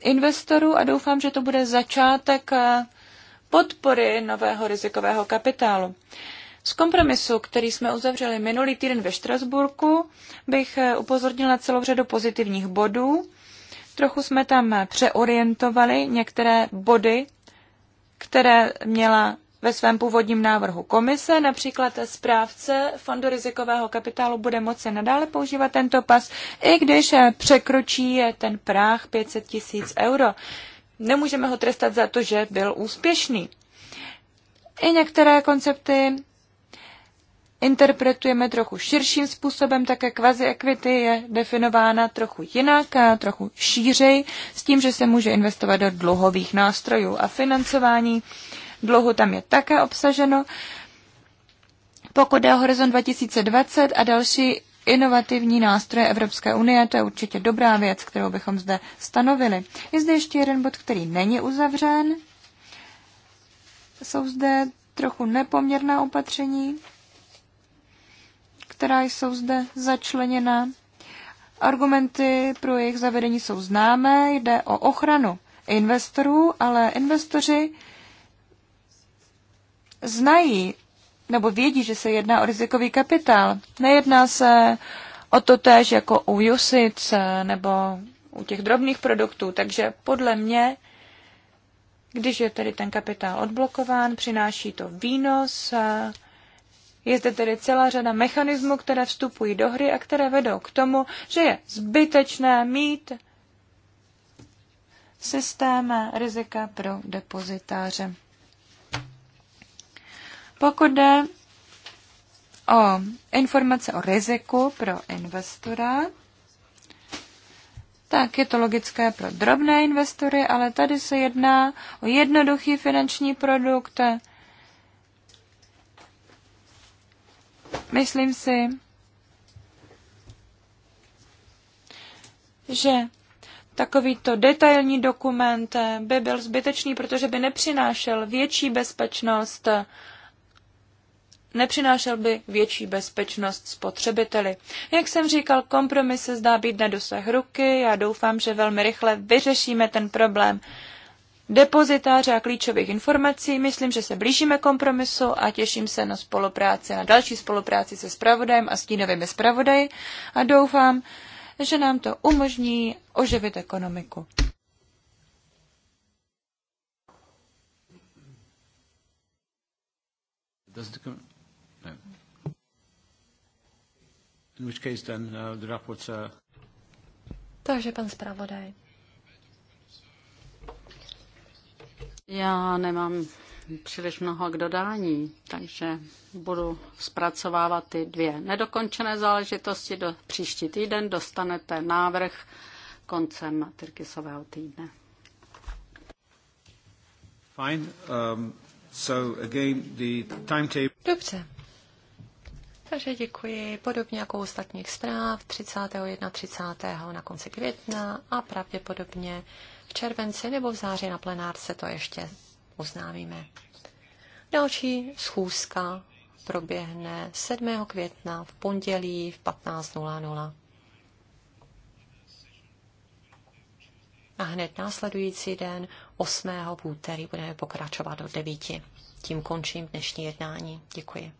investorů a doufám, že to bude začátek eh, podpory nového rizikového kapitálu. Z kompromisu, který jsme uzavřeli minulý týden ve Štrasburku, bych eh, upozornil na celou řadu pozitivních bodů. Trochu jsme tam přeorientovali některé body, které měla ve svém původním návrhu komise. Například správce fondu rizikového kapitálu bude moci nadále používat tento pas, i když překročí ten práh 500 tisíc euro. Nemůžeme ho trestat za to, že byl úspěšný. I některé koncepty interpretujeme trochu širším způsobem, také kvazi equity je definována trochu jinak a trochu šířej, s tím, že se může investovat do dluhových nástrojů a financování dluhu tam je také obsaženo. Pokud je horizont Horizon 2020 a další inovativní nástroje Evropské unie, to je určitě dobrá věc, kterou bychom zde stanovili. Je zde ještě jeden bod, který není uzavřen. Jsou zde trochu nepoměrná opatření, která jsou zde začleněna. Argumenty pro jejich zavedení jsou známé, jde o ochranu investorů, ale investoři znají nebo vědí, že se jedná o rizikový kapitál. Nejedná se o to též jako u Jusic eh, nebo u těch drobných produktů. Takže podle mě, když je tedy ten kapitál odblokován, přináší to výnos. Eh, je zde tedy celá řada mechanismů, které vstupují do hry a které vedou k tomu, že je zbytečné mít systém rizika pro depozitáře. Pokud jde o informace o riziku pro investora, tak je to logické pro drobné investory, ale tady se jedná o jednoduchý finanční produkt. Myslím si, že takovýto detailní dokument by byl zbytečný, protože by nepřinášel větší bezpečnost nepřinášel by větší bezpečnost spotřebiteli. Jak jsem říkal, kompromis se zdá být na dosah ruky. Já doufám, že velmi rychle vyřešíme ten problém depozitáře a klíčových informací. Myslím, že se blížíme kompromisu a těším se na spolupráci, na další spolupráci se spravodajem a stínovými spravodaji a doufám, že nám to umožní oživit ekonomiku. Does the In which case then uh, the rapporteur... Takže pan zpravodaj. Já nemám příliš mnoho k dodání, takže budu zpracovávat ty dvě nedokončené záležitosti. Do příští týden dostanete návrh koncem Tyrkisového týdne. Fine. Um, so again, the timetable... Dobře, takže děkuji. Podobně jako u ostatních zpráv 31. 30. na konci května a pravděpodobně v červenci nebo v září na plenárce to ještě oznámíme. Další schůzka proběhne 7. května v pondělí v 15.00. A hned následující den 8. v úterý budeme pokračovat do 9. Tím končím dnešní jednání. Děkuji.